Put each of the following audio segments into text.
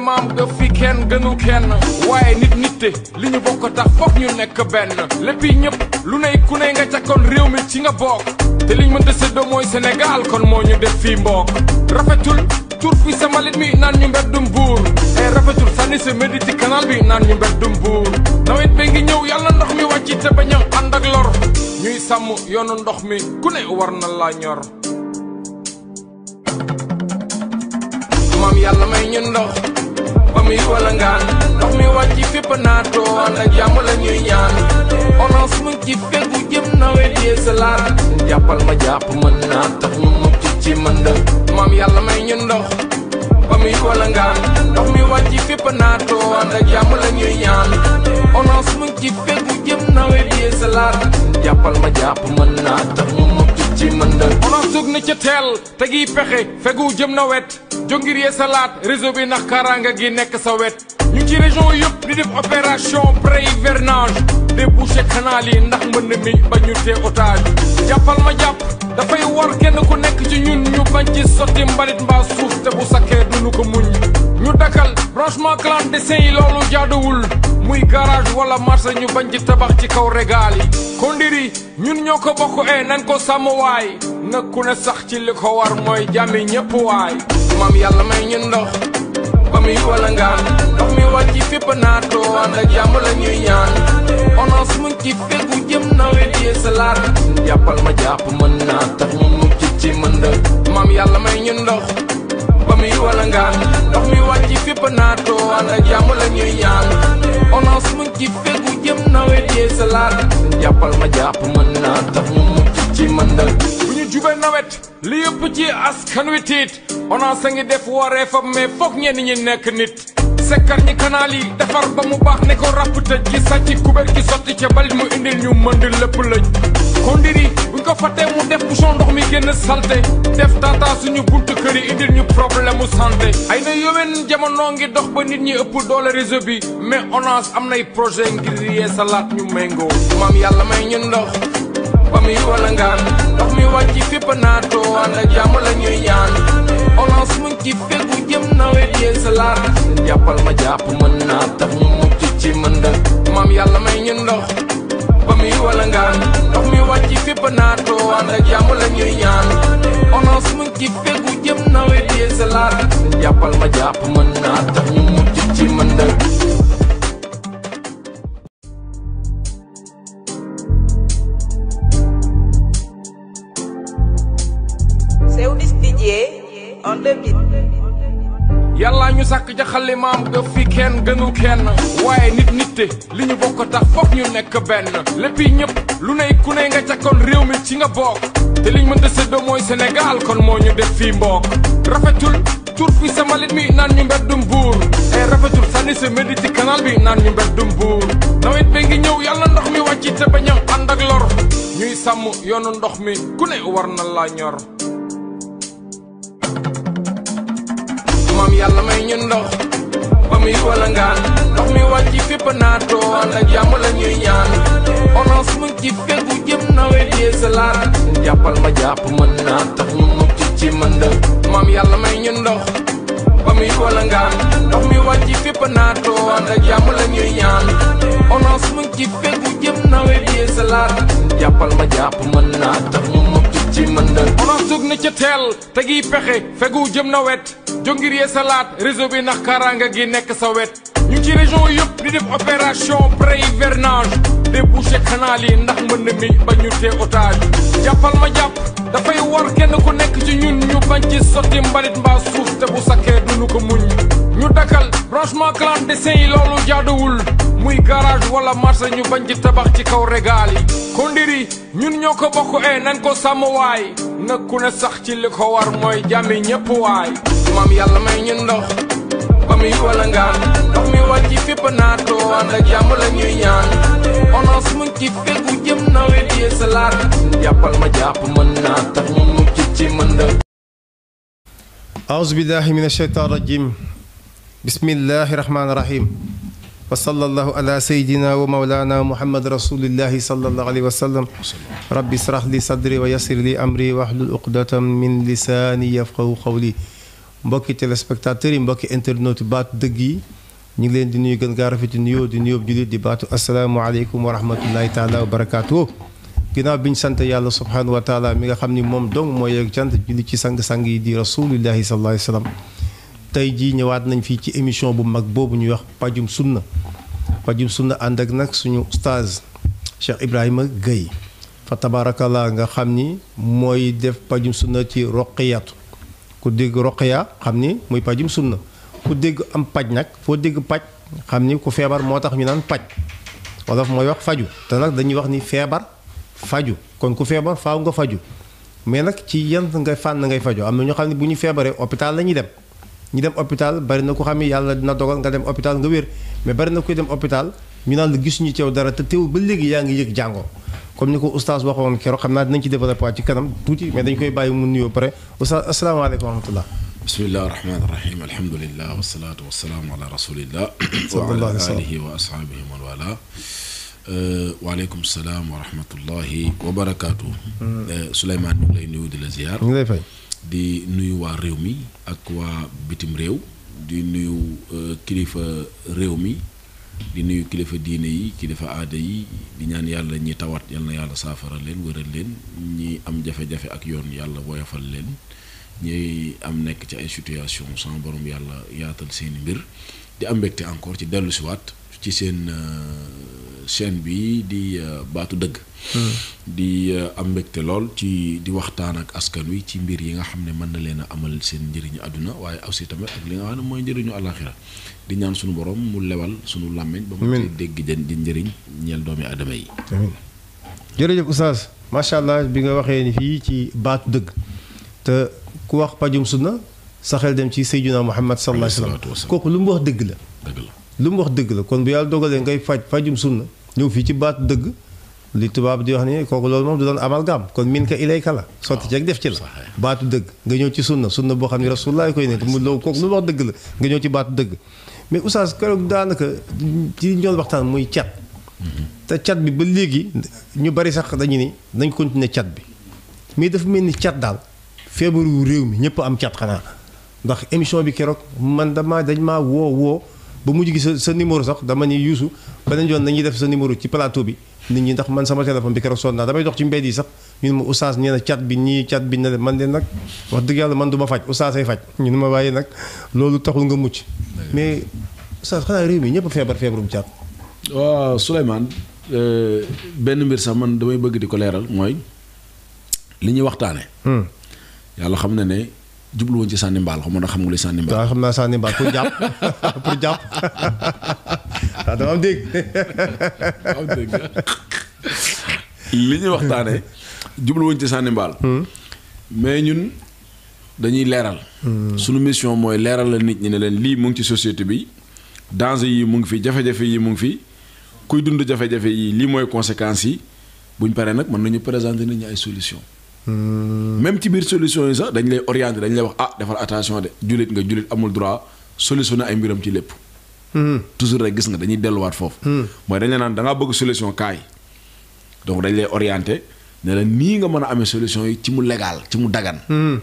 say maam daf fi kenn gënu kenn waaye nit nitte li ñu bokk tax foog ñu nekk benn léppi ñëpp lu ne ku ne nga ca kon réew mi ci nga bokk te liñ mën a séddoo mooy Sénégal kon moo ñu def fii mbook rafetul tur fi sa malit mi naan ñu mbeddum buur ay rafetul sànni sa médi ci canal bi naan ñu mbeddum buur nawet bi ngi ñëw yàlla ndox mi wàcc te bañ a ànd ak lor ñuy sàmm yoonu ndox mi ku ne war na la ñor ba muy walangaan ndox mi wàcc fépp naatoo ànd ak jàmm la ñuy ñaan orange mu ngi ci fegu jëm nawet yee salaat jàppal ma jàpp mën naa tax ñu mucc ci mëndëm maam yàlla may ñu ndox ba muy walangaan ndox mi wàcc fépp naatoo ànd ak jàmm la ñuy ñaan orange mu ngi ci fegu jëm nawet yee salaat jàppal ma jàpp mën naa ci mën dë onoon suug ni ci teel te giy pexe fegu jëm na wet jongir yee salaat réseau bi ndax kaaraanga gi nekk sa wet ñu ci région yëpp di def opération pré-hivernage débouché canal yi ndax na mi ba ñu tee otage jàppal ma jàpp dafay war kenn ku nekk ci ñun ñu bañ ci sotti mbalit mbaa suuf te bu sakkee mu ko muñ ñu dakkal branchement clandestin yi loolu jaaduwul muy garage wala marché ñu bañ ci tabax ci kaw régal yi kon ndiri ñun ñoo ko bokk e nan ko sàmm waay na ku ne sax ci li ko war mooy jàmmi ñëpp waay maam yàlla may ñun ndox ba muy wala ngaan ndox mi wal ci fépp naatoo ànd ak jàmm la ñuy ñaan onos mu ci fegu jëm nawet yee salaat jàppal ma jàpp mën naa tax ñu ci mënd maam yàlla may ñun ndox ba muy walangaan ndox mi wàcc fépp naatoo ànd ak jàmm la ñuy ñaan onance mu ngi ci fegu jëm nawet yee salaat jàppal ma jàpp mën naa tax ñu mucc ci mëndal bu ñu jubee nawet li yëpp ci askan wi tiit onance a ngi def wareefam mais foog ñenn ñi nekk nit sekkar ñi kanaal yi defar ba mu baax ne ko ràpp tëj ci sàcc kubéer ki sotti ca balit mu indil ñu mënd lépp lëj kondiri ko fàtte mu def bouchon ndox mi génn salté def tata suñu buntu indil ñu problème mu santé ay na yowén jamono ngi dox ba nit ñi ëpp doole réseau bi mais ONAS am nay projet ngir yee salaat ñu méngoo maam yàlla may ñu ndox ba muy wala ngaan ndox mi wàcc fépp naatoo ànd ak jàmm a ñuy ñaan ONAS mu ngi ci fegu jëm nawet yee salaat jàppal ma jàpp mën naa tax ñu mucc ci mën maam yàlla may ñu ndox ba mi walangaan mi ak ya la ñuy ñaan fegu jëm nawet ma tax ñu mucc ci Seudis DJ on the yàllaa ñu sàkk jaxale maam ga fi kenn gënul kenn waaye nit nitte li ñu bokk tax foog ñu nekk benn léppi ñëpp lu ne ku ne nga ca réew mi ci nga bokk te liñ mën a séddoo mooy Sénégal kon moo ñu def fii mbokk rafetul tur fi sa malit mi naan ñu mbeddum buur ay eh, rafetul sànni sa médi ci canal bi naan ñu mbeddum buur nawet bi ngi ñëw yàlla ndox mi wàcc te bañ a ànd ak lor ñuy sàmm yoonu ndox mi ku ne war na laa ñor am yàlla may ñu ndox ba a walangaan ndox mi wàcc fépp a ànd ak jàmm la ñuy ñaan orange mu ci fegu jëm nawet yee salaat jàppal ma jàpp mën naa tax ñu mucc ci mënd maam yàlla may ñu ndox ba muy walangaan ndox mi wàcc fépp naatoo ànd ak jàmm la ñuy ñaan orange mu ci fegu jëm nawet yee salaat jàppal ma jàpp mën naa tax ñu mucc ci mënd orange dugg na ca teel te gi pexe fegu jëm nawet jóg ngir yeesalaat réseau bi ndax kaaraange gi nekk sa wet ñu ngi ci région yëpp di def opération pré-hivernage débouché canal yi ndax mën mi ba ñu tee otage jàppal ma jàpp dafay war kenn ku nekk ci ñun ñu bañ ci sotti mbalit mbaa suuf te bu sakkee duñu ko muñ ñu dakkal branchement clandestin yi loolu jaaduwul muy garage wala marché ñu bañ ci tabax ci kaw régal yi kondiri ñun ñoo ko bokk e eh, nan ko sàmm waay na ku ne sax ci li ko war mooy jàmmi ñépp maam yàlla may ñu ndox ba wala nga dox mi wal wàcc fépp naatoo ànd ak jàmm la ñuy ñaan onos mu ci fegu jëm na wé di salat jàppal ma jàpp man na tax mu mucc ci mën da أعوذ بالله من الشيطان الرجيم بسم الله الرحمن الرحيم وصلى الله على سيدنا ومولانا محمد رسول الله صلى الله عليه وسلم ربي اشرح لي صدري ويسر لي أمري واحلل عقدة من لساني يفقهوا قولي mbokki téléspectateurs yi mbokki internautes bat dëgg yi ñu ngi leen di nuyu gën gaa rafet nuyoo di nuyoo julit di baatu asalaamaaleykum wa rahmatullahi taala wa barakaatu. ginnaaw biñ sant yàlla subhanahu wa taala mi nga xam ni moom dong moo yeeg cant julit ci sang-sang yi di rasulillahi sallallahu alayhi sallam tey jii ñëwaat nañ fii ci émission bu mag boobu ñuy wax pajum sunna pajum sunna ànd ak nag suñu ustaaz Cheikh Ibrahima Guèye fa tabaarakallaa nga xam ni mooy def pajum sunna ci roqiyatu ku dégg roq ya xam ni muy pajum na ku dégg am paj nag foo dégg paj xam ni ku feebar moo tax ñu naan paj wolof mooy wax faju te nag dañuy wax ni feebar faju kon ku feebar faaw nga faju mais nag ci yan nga fànn ngay fajoo am na ñu xam ne bu ñu feebaree hôpital lañuy ñuy dem ñu dem hôpital bari na ko xam ne yàlla dina dogal nga dem hôpital nga wér mais bari na koy dem hôpital ñu naan la gisuñu teew dara te teew ba léegi yaa ngi yëg jàngoo comme niko oustaz waxone kéro xamna dinañ ci développer ci kanam touti mais dañ koy bayyi mu nuyo pare oustaz assalamu alaykum wa rahmatullah بسم الله الرحمن الرحيم الحمد لله والصلاة والسلام على رسول الله وعلى آله وأصحابه من والاه وعليكم السلام ورحمة الله وبركاته سليمان نقول نيو دي لزيار دي نيو ريومي أكوا بيتم ريو دي نيو كليف ريومي di nuyu kilifa diine yi kilifa aada yi di ñaan yàlla ñi tawat yal na yàlla leen wëral leen ñi am jafe-jafe ak yoon yàlla woyofal leen ñi am nekk ci ay situation sans borom yàlla yaatal seen mbir di am mbégte encore ci dellu siwaat ci seen seen euh, bi di euh, baatu dëgg hmm. di euh, am mbégte lool ci di waxtaan ak askan wi ci mbir yi nga xam ne mën na leen a amal seen njëriñu aduna waaye aussi tamit ak li nga xam ne mooy njëriñu alaxira di ñaan suñu borom mu lewal suñu làmmiñ ba mu ci dégg jën di njëriñ ñeel doomi aadama yi amiin jërëjëf oustaz macha allah bi nga waxee ni fii ci baatu dëgg te ku wax pajum sunna sa xel dem ci sayyidina muhammad sallallahu alayhi wa sallam kooku lu mu wax dëgg la lu mu wax dëgg la kon bu yàlla dogalee ngay faj fajum sunna ñëw fii ci baatu dëgg li tubaab di wax ni kooku loolu moom du doon amalgam kon min ka ilayka la sotti ci ak def ci dëgg nga ñëw ci sunna sunna boo xam ne rasulullah koy ne mu loolu kooku lu mu wax dëgg la nga ñëw ci baatu dëgg mais oustaz keroog daanaka ci ñoon waxtaan muy cat. te cat bi ba léegi ñu bari sax dañu ni dañ continuer cat bi mais dafa mel ni cat daal feebaru réew mi ñëpp am cat xanaa ndax émission bi keroog man dama dañ maa woo woo ba mujj gi sa sa numéro sax dama ni Youssou beneen yoon nañuy def sa numéro ci plateau bi nit ñi ndax man sama téléphone bi keroog sonn damay dox ci mbedd yi sax. ñun ma oustaz nee na bi ñii cat bi na ne man de nag wax dëgg yàlla man du faj oustaz ay faj ñun ma waaye nag loolu taxul nga mucc mais oustaz xanaa réew mi ñëpp feebar feebarum cat. waaw euh, benn mbir sax man damay bëgg di ko leeral mooy li ñuy waxtaane hmm. yàlla xam na ne jubluwoon ci sànni mbaal xam na xam nga li sànni mbaal. xam naa sànni mbaal pour jàpp pour jàpp waaw dama am dégg. li ñuy waxtaane jubluwuñ ci sànni mbaal. mais ñun dañuy leeral. sunu mission mooy leeral la nit ñi ne leen lii mu ngi ci société bi danger yi mu ngi fi jafe-jafe yi mu ngi fi kuy dund jafe-jafe yi lii mooy conséquences yi buñ paree nag mën nañu présenter nit ñi ay solutions. même ci biir solution yi sax dañ lay orienter dañ lay wax ah defal attention de jullit nga jullit amul droit solutionner ay mbiram ci lépp. toujours rek gis nga dañuy delluwaat foofu. Hmm. mooy dañ la naan da bëgg solution kaay donc ne la nii nga mën a amee solution yi ci mu légal ci mu dagan hmm.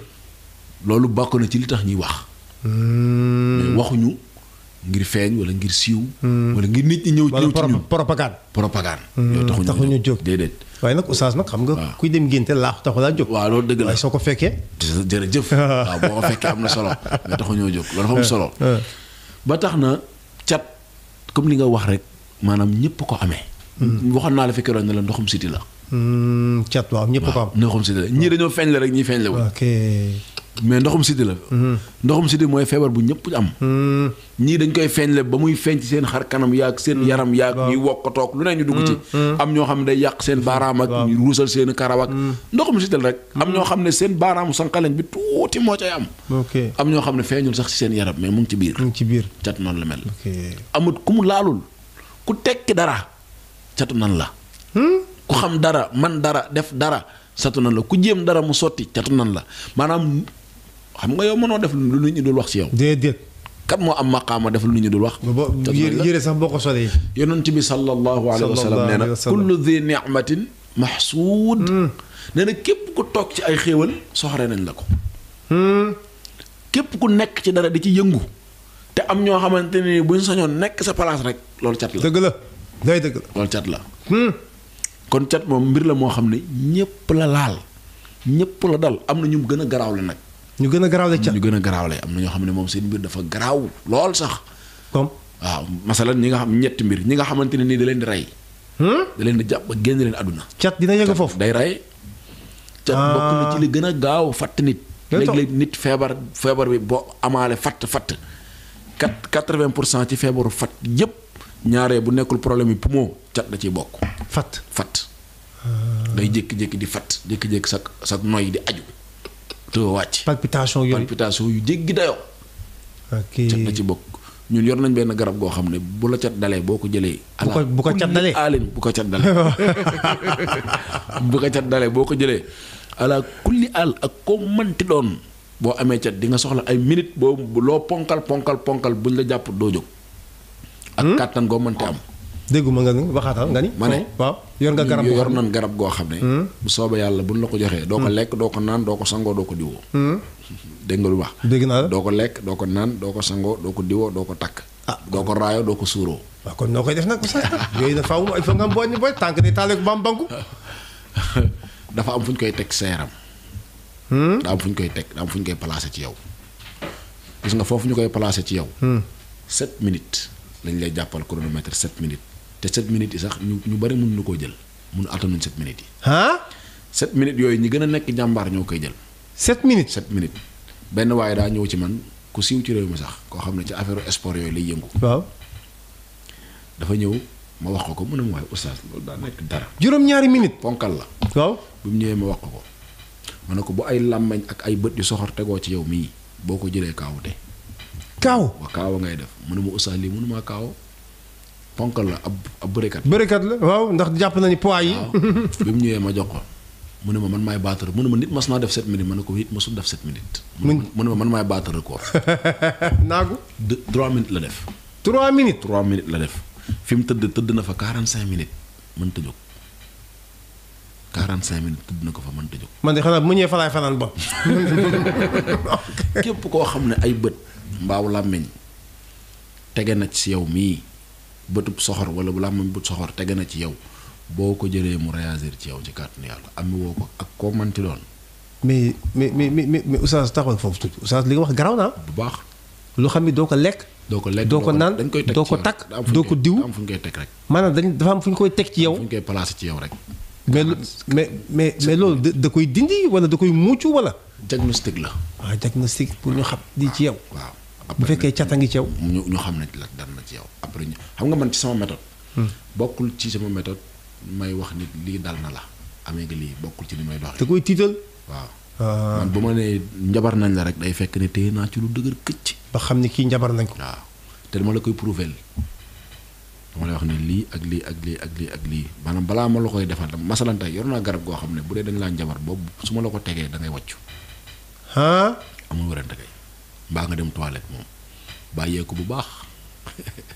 loolu bokk ci li tax ñuy wax hmm. waxuñu ngir feeñ wala ngir siiw hmm. wala ngir nit ñi ñëw ñëw ci ñun propagande propagande yow taxuñu jóg déedéet waaye nag oustaz nag xam nga kuy dem ngénte laax taxu laa jóg waaw loolu dëgg la soo ko fekkee jërëjëf waaw boo ko fekkee am na solo mais taxuñoo jóg loolu dafa am solo ba tax na cat comme li nga wax rek maanaam ñëpp ko amee waxoon naa la fekkee roon ne ndoxum siti la Hmm, cat waaw ñëpp ko am. ndoxum sida la ñii dañoo feeñ la rek ñii feeñ la wul. ok mais ndoxum sida la. Hmm. ndoxum sida mooy feebar bu ñëpp am. Hmm. ñii dañ koy feeñ la ba muy feeñ seen xar kanam yaag seen yaram yaag. waaw ñuy wokk toog lu ne ñu dugg ci. am ñoo xam ne day yàq seen baaraam ak. ñu ruusal seen karaw ak. ndoxum sida rek. am ñoo xam ne baaraamu sànqaleñ bi tuuti moo cay am. ok am ñoo xam ne feeñul sax ci seen yaram mais mu ngi ci biir. mu ngi ci biir cat noonu la mel. amut ku mu laalul ku tekki dara catu nan la ku xam dara man dara def dara satu nan la ku jëm dara mu soti catu nan la manam xam nga yow mëno def lu nit ñi dul wax ci yow déedéet kan mo am maqama def lu nit ñi dul wax yere sax boko ko solee bi sallallahu alaihi wasallam neena kullu dhi ni'matin mahsud hmm. neena kep ku tok ci ay xewal soxare nañ la ko hmm. kep ku nek ci dara di ci yëngu te am ño xamanteni ni buñ sañon nek sa place rek lolu chat la deug la day deug lolu chat la hmm kon cat moom mbir la moo xam ne ñëpp la laal ñëpp la dal am na ñu gën a garaaw la nag. ñu gën a garaawle cat ñu gën a garaawle am na ñoo xam ne moom seen mbir dafa garaaw lool sax. comme waaw masalan ñi nga xam ñetti mbir ñi nga xamante ne nii da di rey. Hmm? da leen di jàpp ba génn leen àdduna. cat dina yëg foofu day rey. cat ah. bokk na ci li gën a gaaw fatt nit. léeg-léeg nit feebar feebar bi boo amaale fatt fatt. quatre quatre-vingt pour cent ci feebaru fat yëpp ñaaree bu nekkul problème bi poumon cat da ciy bokk. fat fat day jek jek di fat jek jek sak sak noy di aju to wacc palpitation yooyu palpitation yu jéggi dayo ok ci ci bok ñun yor nañ ben garab go xamne ne bu la ciat dalé boko jëlé ala bu ko ciat dalé alin bu ko ciat dalé bu ko ciat dalé boko kuli ala kulli al ak ko manti don bo amé ciat di nga soxla ay minute bo lo ponkal ponkal ponkal buñ la japp do jog ak hmm? am dégguma nga waxaatal nga ni ma ne waaw yor nga garab yor nan garab go xamné hmm? bu soba yalla buñ la ko joxee doo ko hmm. lek do ko nan do ko sango do ko diwo hmm? dégg nga lu baax dégg naa la ko lek do ko nan do ko sango do ko diwo do ko tak ah. do ko rayo do ko suro wa kon nokoy def nak sax yooyu na faaw ay faut nga mboñ boy tank ni talek bam banku dafa am fuñ koy tek seram hmm da am fuñ koy tek da am fuñ koy placer ci yow gis nga fofu ñukoy placer ci yow hmm 7 minutes lañ lay jappal chronomètre 7 minutes te 7 minutes yi sax ñu ñu bari mënu ko jël mënu attanuñ 7 minutes yi. ha 7 minutes yoy ñi gëna nekk jambar ñoo koy jël. 7 minutes 7 minutes. ben way da ñëw ci man ku siiw ci rew mi sax ko xamne ci affaire sport yoy lay yëngu. waaw. dafa ñëw ma wax ko ko way ne ma waaye oustaz loolu daa nekk dara. juroom ñaari minutes. ponkal la. waaw bu mu ma wax ko ko. ko bu ay lamagne ak ay bëtt yu soxor tegoo ci yow mi boko jëlé kaw kaawute. kaw wa kaw ngay def mu oustaz lii mënumaa ponkal la ab ab bërekat. bërekat la waaw ndax jàpp nañu poids yi. bi mu ñëwee ma jox ko mu ne ma man maay battre mu ne ma nit mas naa def 7 minutes ma ne ko nit masul def 7 minutes. mu ne ma man maay battre record. naagu. ko 3 minutes la def. 3 minutes 3 minutes la def fi mu tëdd tëdd na fa 45 minutes mënta jóg. 45 minutes tudd na ko fa mënta jóg. man de xanaa mu ñëwee falaay fanaan ba. képp koo xam ne ay bët. mbaaw làmmeñ tege na ci yow mii. bëtub soxor wala bu la am bët soxor tege na ci yow boo ko jëlee mu réagir ci yow ci kàttanu yàlla am woo ko ak koo mënti doon. mais mais mais mais mais oustaz taxawal foofu tuuti oustaz li nga wax garaaw naa. bu baax. loo xam ne doo ko lekk. doo ko lekk doo ko naan doo ko takk doo ko diw am fu ñu koy teg rek. maanaam dañ dafa am koy teg ci yow. fu ñu ci yow rek. mais mais mais mais loolu da da koy dindi wala da koy muucu wala. diagnostic la. waaw ah, diagnostic pour ñu xam di ci yow. waaw. bu fekkee cata ngi ci yow ñu ñu xam ne la dara na ci yow après ñu xam nga man ci sama méthode hmm. bokkul ci sama méthode may wax nit lii dal na la amee nga lii bokkul ci li may dox te koy tiital waaw ah. man bu ma nee njabar nañ la rek day fekk ne téye naa ci lu dëgër këcc ba xam ne kii njabar nañ ko waaw te dama la koy prouvel dama lay wax ne lii ak lii ak lii ak lii ak lii maanaam balaa ma la koy defal masalan tey yor naa garab goo xam ne bu dee dañ laa njabar boobu su ma la ko tegee da ngay wàccu ah amul wérante kay baa nga dem toilette moom bàyyeeku bu baax.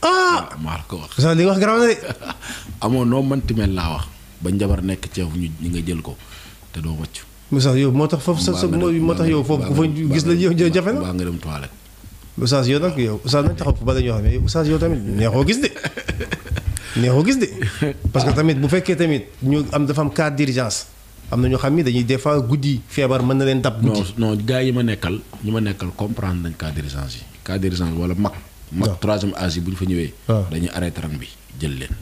ah maa la ko wax. sax li wax garaaw na de. amoon noo man mel laa wax ba njabar nekk ceeb ñu ñu nga jël ko te doo wàcc. Moussa yow moo tax foofu sa sa moo tax yow foofu ku fa gis la yow jafe na. baa nga dem toilette. Oustaz yow nag yow Oustaz nañ taxaw fu ba la ñoo xam ne Oustaz yow tamit neexoo gis de neexoo gis de parce que tamit bu fekkee tamit ñu am dafa am cas d'urgence amna ñu ñoo xam ni dañuy des fois guddi feebar mën na leen dab non non gars yi ma nekkal ñi ma nekkal comprendre nañ cas d'urgence yi cas d'urgence wala mag mag troisième âge yi bu ñu fa ñëwee dañuy arrêté rang bi jël leen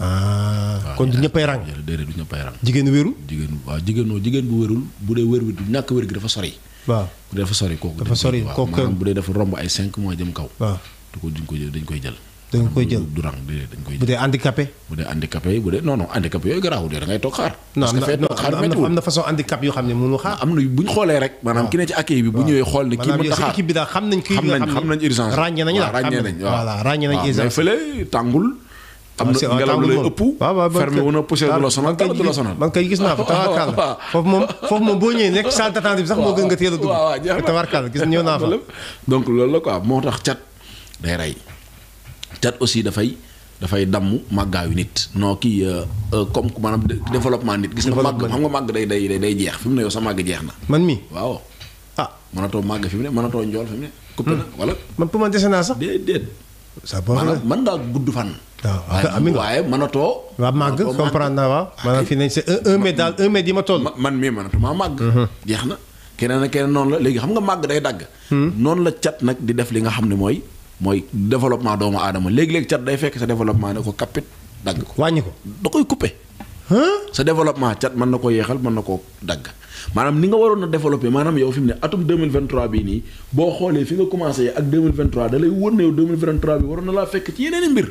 ah kon du ñëppay rang déedéet du ñëppay rang jigéen wéru jigéen waaw jigéen noo jigéen bu wérul bu dee wér bi du ñàkk wér gi dafa sori waaw bu dee dafa sori kooku dafa sori kooku bu dee dafa romb ay 5 mois jëm kaw waaw du ko duñ ko dañ koy jël dañ koy jël du rang dañ koy jël bu dee handicapé. bu dee handicapé bu dee non non handicapé yooyu garaaw de da ngay toog xaar. parce que fee toog xaar météo am na façon handicap yoo xam ne mënu xaar. am na bu ñu xoolee rek. maanaam ki ne ci accueil bi bu ñëwee xool ne. kii mënut a xaar équipe bi daal xam nañ kii xam nañ urgence ràññee nañ la ràññee nañ voilà ràññee nañ urgence mais fële tàngul. am na ngelaw lu lay ëpp waaw waaw fermé wu na poussière du la sonal dara du la sonal man kay gis naa fa tawarkaal la foofu moom foofu moom boo ñëwee nekk salle d'attente bi sax moo gën nga teel a dugg tawarkaal gis ñëw naa fa donc loolu la quoi moo tax cat day rey cat aussi dafay dafay damm màggaayu nit non kii euh, euh, comme maanaam développement nit gis nga màgg xam nga màgg day day day jeex fi mu ne yow sa màgg jeex na man mi waaw ah mënatoo màgg fi mu ne mënatoo njool fi mu na hmm. wala man pour naa sax déedéet ça peut maanaam gudd fan ah, ah, waaw waaye mënatoo. waaw màgg comprendre naa waaw. Ah, maanaam fii nañ c'est un mètre daal un mètre yi man mii màgg. Mhm. jeex na keneen ak keneen noonu la léegi xam nga màgg day dagg. Hmm. noonu la cat nag di def li nga xam ne mooy moy développement doomu aadama leg leg chat day fekk sa développement nako ko kapit ko wañi ko da koy hein sa développement chat man nako yexal man nako dag manam ni nga warona développer manam yow fi atum 2023 bi ni bo xolé fi nga commencé ak 2023 dalay lay 2023 bi warona na fekk ci yeneen mbir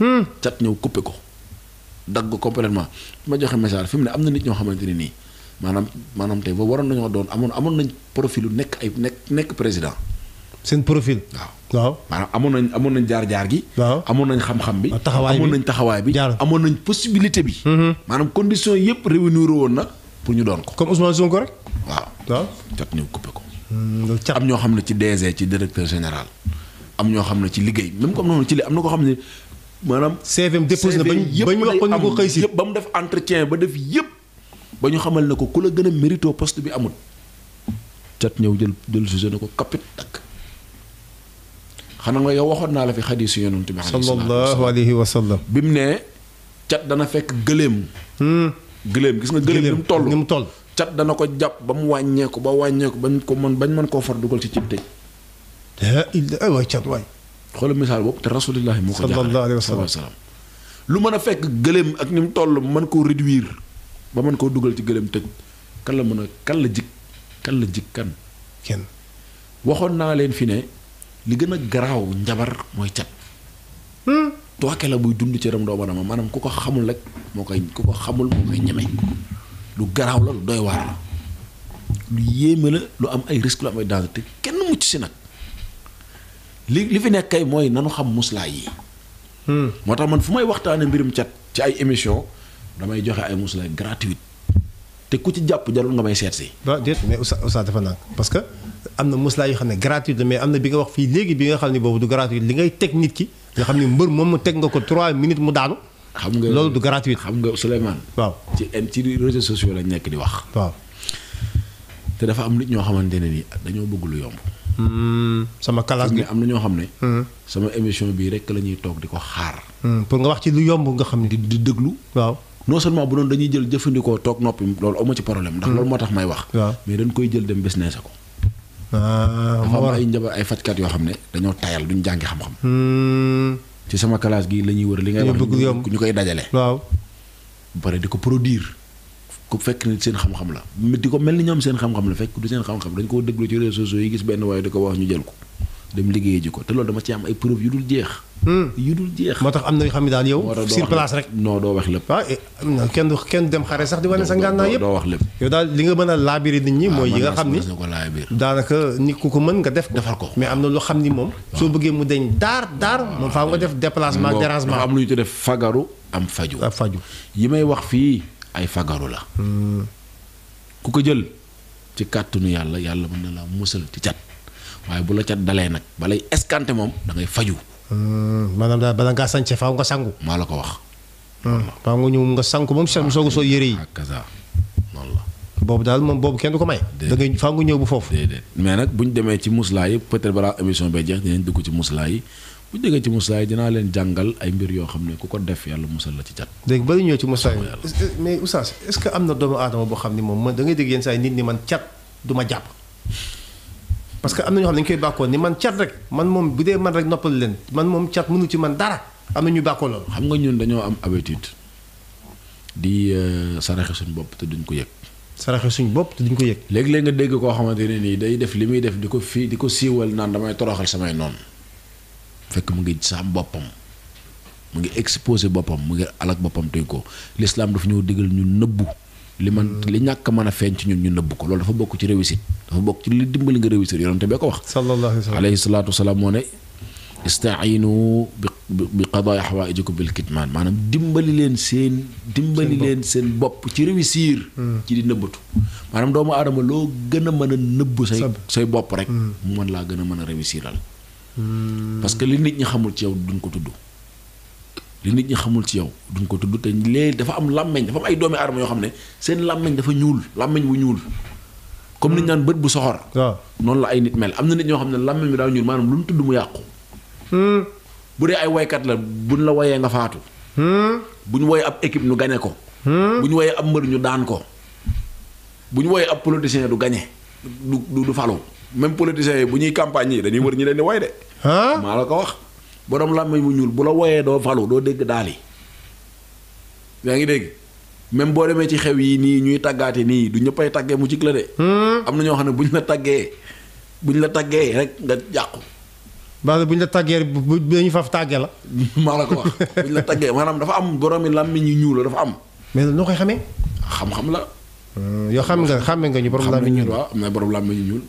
hmm chat ñëw couper ko dagg complètement ma joxe message fi amna na nit ñoo xamanteni ni manam manam tay bo ba waroon doon amon amon nañ profil nek ay nek nek président seen profil waaw waaw maanaam amoon nañ amoon nañ jaar-jaar gi amoon nañ xam-xam bi taxawaay amoon nañ taxawaay bi amoon nañ possibilité bi mm-hmm. maanaam condition yëpp réunir woon na pour ñu doon ko comme Ousmane Sonko rek waaw waaw cat ñu coupé mm, ñoo xam ne ci DG ci directeur général am ñoo xam ne ci liggéey même comme noonu ci li am na ko xam ne maanaam CVM déposé na ba ñu wax ko ñu ko xëy si yëpp ba mu def entretien ba def yëpp ba ñu xamal ne ko ku la gën a mérito poste bi amul cat ñëw jël jël jugé na ko kapit takk xanaa nga yow waxoon naa la fi xadiisu yonent bi sallallahu alayhi wa sallam bi mu nee cat dana fekk gëléem hmm. gëléem gis nga gëléem ni mu toll ni mu toll cat dana ko jàpp ba mu wàññeeku ba wàññeeku bañ ko mën bañ mën koo far dugal ci cib tëj ay waay cat waay xoola misaal boobu te rasulillahi moo ko sallallahu alayhi wa sallam lu mën a fekk gëléem ak ni mu toll mën koo réduire ba mën koo dugal ci gëléem tëj kan la mën a kan la jik kan la jik kan kenn waxoon naa leen fi ne li gën a garaaw njabar mooy cat. Hmm? tooke la buy dund ci yaram doomu aadama maanaam ku ko xamul rek moo koy ku ko xamul moo koy ñeme lu garaaw la lu doy waar la lu yéeme la lu am ay risque lu am ay danger te kenn mucc si nag li li fi nekk kay mooy nanu xam muslaa yi. Hmm. moo tax man fu may waxtaanee mbirum cat ci ay émission damay joxe ay muslaa gratuite te ku ci jàpp jarul nga may seet si. mais Oustaz Oustaz dafa nag am na muslaay yoo xam ne gratuite mais am na bi nga wax fii léegi bi nga xam ne boobu du gratuite li ngay teg nit ki nga xam ne mbër moom mu teg nga ko 3 minutes mu daanu. xam nga loolu du gratuite. xam nga waaw ci ci réseaux sociaux lañ nekk di wax. waaw te dafa am nit ñoo xamante ne nii dañoo bëgg lu yomb. Hmm, sama kalaas gi am na ñoo xam ne. Hmm. sama émission bii rek la ñuy di ko xaar. Hmm, pour nga wax ci lu yomb nga xam ne. di di déglu waaw. non seulement bu doon dañuy jël jëfandikoo toog noppi loolu amoo ci problème. ndax loolu moo tax may wax. mais dañ koy jël dem business ko. Ah, moo ay njabar ay fajkat yoo xam ne dañoo tayal duñ jàngi xam-xam. Hmm. ci sama classe gi la ñuy a li ngay wax ñu koy dajale. waaw ba pare di ko produire. ku fekk ni seen xam-xam la di ko mel ni ñoom seen xam-xam la fekk du seen xam-xam dañ koo déglu ci réseaux sociaux yi gis benn waaye di ko wax ñu jël ko dem liggéey ji ko te loolu dama ci am ay preuve yu dul jeex. Hmm. yu dul moo tax am na yoo xam ne daal yow. sur place rek noo doo wax lépp. ah eh, kenn kenn dem xare sax di wane sa ngànnaay yëpp doo wax lépp. yow daal li nga mën a laabiri nit ñi. Ah, mooy yi nga xam ni daanaka nit ku ko mën nga def. defar ko mais am na loo xam ni moom. soo bëggee mu deñ daar daar moom faaw nga def déplacement ak dérangement. am lu ñu tuddee fagaru am faju. faju yi may wax fii ay fagaru la. Hmm. ku ko jël ci nu yàlla yàlla mën na la musal ci cat waaye bu la cat dalee nag balay escanté moom da ngay Hmm, maanaam daal bala ngaa sànce faaw nga sangu. maa la ko wax. Hmm, faaw nga ñëw nga sangu moom si soog a soo yëre yi. Ah, boobu daal moom boobu kenn du ko may. da ñëw bu foofu. mais nag bu ñu demee ci muslaa yi peut-être balaa émission bee jeex dinañ dugg ci muslaa yi bu ñu ci muslaa yi dinaa leen jàngal ay mbir yoo xam ne ku ko def yàlla musal la ci cat. dégg bari ñëw ci muslaa yi mais oustaz est-ce am na doomu aadama boo xam ne moom man da ngay dégg yenn saa yi nit ñi man cat du ma jàpp parce que am na ñoo xam ne dañu koy bàkkoo ni man cat rek man moom bu dee man rek noppal leen man moom cat mënu ci man dara am na ñu bàkkoo loolu. xam nga ñun dañoo am habitude di euh, saraxe suñu bopp te duñ ko yëg. saraxe suñu bopp te duñ ko yëg. léegi léeg nga dégg koo xamante ne nii day def li muy def di ko fii di ko siiwal naan damay toroxal samay noon fekk mu ngi saam boppam mu ngi exposé boppam mu ngi alak boppam tey ko lislaam dafa ñëw digal ñu nëbbu. li man li ñak mëna fën ci ñun ñu nëbb ko loolu dafa bokku ci réussite dafa bokku ci li dimbali nga réussir yonente be ko wax alayhi wasallam ne istainu bi qada'i xawaayijikum bil kitman sen dimbali len seen dimbali len seen bop ci réussir hmm. ci di nëbbatu manam doomu adama lo gëna mëna mën say say bop rek hmm. mu man la gëna mëna réussiral hmm. parce que li nit ñi xamul ci yow duñ ko tuddu li nit ñi xamul ci yow duñ ko tudd te léegi dafa am làmmeñ dafa am ay doomi aadama yoo xam ne seen làmmeñ dafa ñuul làmmeñ bu ñuul comme ni ñu naan bët bu soxor noonu la ay nit mel am na nit ñoo xam ne làmmeñ bi daa ñuul maanaam lu mu tudd mu yàqu hmm. dee ay waykat la buñ la woyee nga faatu hmm. bu ñu woyee ab équipe ñu gañe ko hmm. bu ñu woyee ab mbër ñu daan ko bu ñu woyee ab politicien du gañe du du falu même politicien yi bu ñuy campagne yi dañuy wër ñi leen di woy de maa la ko wax borom làmmiñ mu ñuul bu la woyé do falu Yang dégg dali ya ngi dégg même bo démé ci xew yi ni ñuy tagaté ni du ñëppay taggé mu ci la dé hmm? am na ñoo xam buñ la taggé buñ la taggé rek nga jaxu ba buñ la taggé bu dañu taggé la ma la ko wax buñ la taggé manam dafa am boromi làmmiñ yu ñuul dafa am mais noo koy xamee xam-xam la hmm, yo xam nga xàmme nga ñu borom làmmiñ ñuul wa am na borom làmmiñ ñu ñuul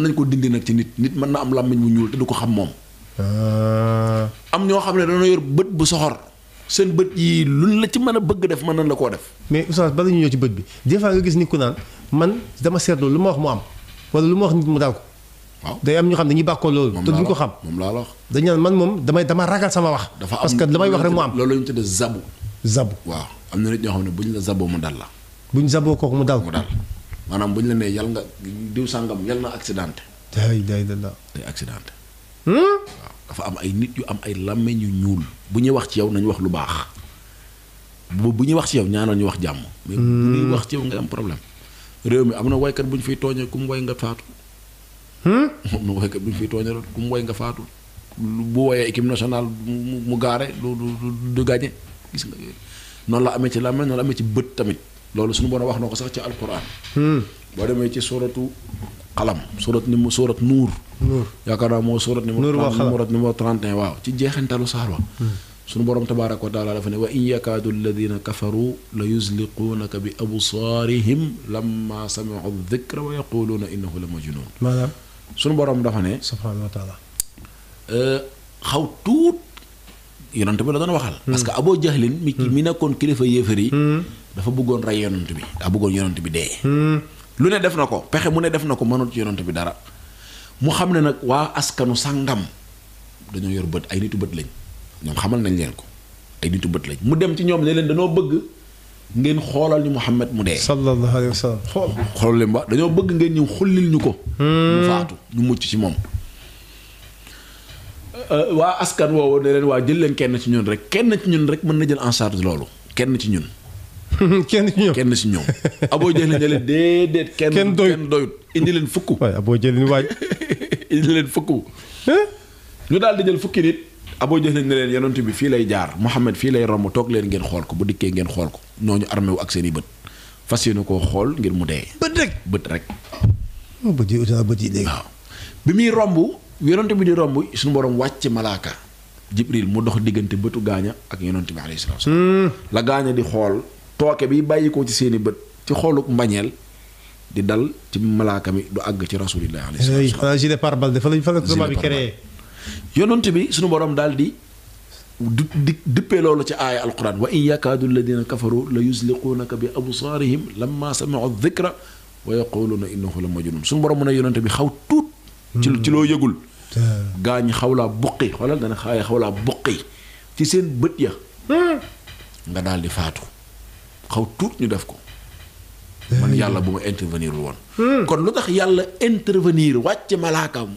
nañ ko dindi nak ci nit nit man na am làmmiñ mu ñuul té du xam mom Ah. am ñoo xam ne dañoo yor bët bu soxor seen bët yi luñ la ci mën a bëgg def mën nañ la koo def. mais oustaz bala ñu ñëw ci bët bi des nga gis nit ku naan man dama seetlu lu ma wax mu am wala lu ma wax nit mu daal ko. waaw day am ñoo xam ne dañuy bàkkoo loolu. te duñ ko xam moom laa la wax. dañu naan man moom damay dama ragal sama wax. dafa am damay wax rek mu am. loolu la ñu tuddee zabu. zabu waaw am na nit ñoo xam ne bu buñ la zaboo mu dal la. bu buñ zaboo kooku mu dal ko mu dal maanaam buñ la nee yal nga diw sàngam yal na accidenté. day day day accidenté Hmm? dafa am ay nit yu am ay lamme ñu ñuul bu ñu wax ci yow nañ wax lu baax bu bu ñu wax ci yow ñaanal ñu wax jamm mais bu hmm. ñu wax ci yow nga am problème. réew mi amna way kat buñ ñu fiy tooñee ku way nga faatu. hmm amna way kat buñ fiy toñe kum way nga faatu bu waye équipe nationale mu garé gaare du du du gagné gis nga non la amé ci lamme non la amé ci beut tamit lolu suñu borom wax noko sax ci alcorane hmm bo démé ci suratu qalam surat ni surat nur nuur yaakaar naa moo suurat numéro 31 waaw ci jeexantalu saar wa sunu borom tabaaraka wa taala dafa ne wa in yakaadu alladina kafaru la yuzliquunaka bi absaarihim lamma samicu dikra wa yaquluuna innahu la majnun maanaam sunu borom dafa ne subhaanahu wa taala xaw tuut yonent bi la doon waxal parce que aboo jahlin mi mi nekkoon kilifa yéefar yi dafa bëggoon rey yonent bi daa bëggoon yonent bi dee lu ne def na ko pexe mu ne def na ko mënut yonent bi dara mu xam ne nag waa askanu sàngam dañoo yor bët ay nitu bët lañ ñoom xamal nañ leen ko ay nitu bët lañ mu dem ci ñoom ne leen danoo bëgg ngeen xoolal ñu Muhammad mu dee. sallallahu alayhi wa sallam xool xool leen ba dañoo bëgg ngeen ñëw xullil ñu ko. Hmm. mu faatu ñu mucc ci moom. Euh, waa askan woowu ne leen waa jël leen kenn ci ñun rek kenn ci ñun rek mën na jël en charge loolu kenn ci ñun. kenn ci ñoom kenn ci aboo jëlee ne leen déedéet. kenn doyut kenn doyut indi leen fukk. waaye aboo jëlee waaj. indi leen fukk. ñu daal di jël fukki nit. aboo jëlee ne leen yonent bi fii lay jaar Mouhamed fii lay romb toog leen ngeen xool ko bu dikkee ngeen xool ko ñooñu armé wu ak seen bët fas yéene koo xool ngir mu dee. bët rek bët rek. Oh, bët yi bët yi dégg waaw bi muy romb yonent bi di romb suñu borom wàcc malaaka jibril mu dox diggante bëtu gaaña ak yonent bi alayhi salaam hmm. la gaaña di xool tooke bi bàyyi ko ci seeni bët ci xolub mbañeel di dal ci malaaka mi du àgg ci rasulillah alayhi salaam gilet pare-balles dafa lañ yonent bi suñu borom daal di dippe di loolu ci aaya alquran wa in yakadu alladina kafaru la yusliquunaka bi absarihim lamma samiu dhikra wa yaquluna innahu la majnun suñu borom ne yonent bi xaw tuut ci ci loo yëgul gaañ xaw laa buqi xoolal dana xaaya xaw laa buqi ci seen bët ya nga dal di faatu xaw tuut ñu def ko. man yàlla bu ma intervenir woon. Hmm. kon lu tax yàlla intervenir wàcce malaakam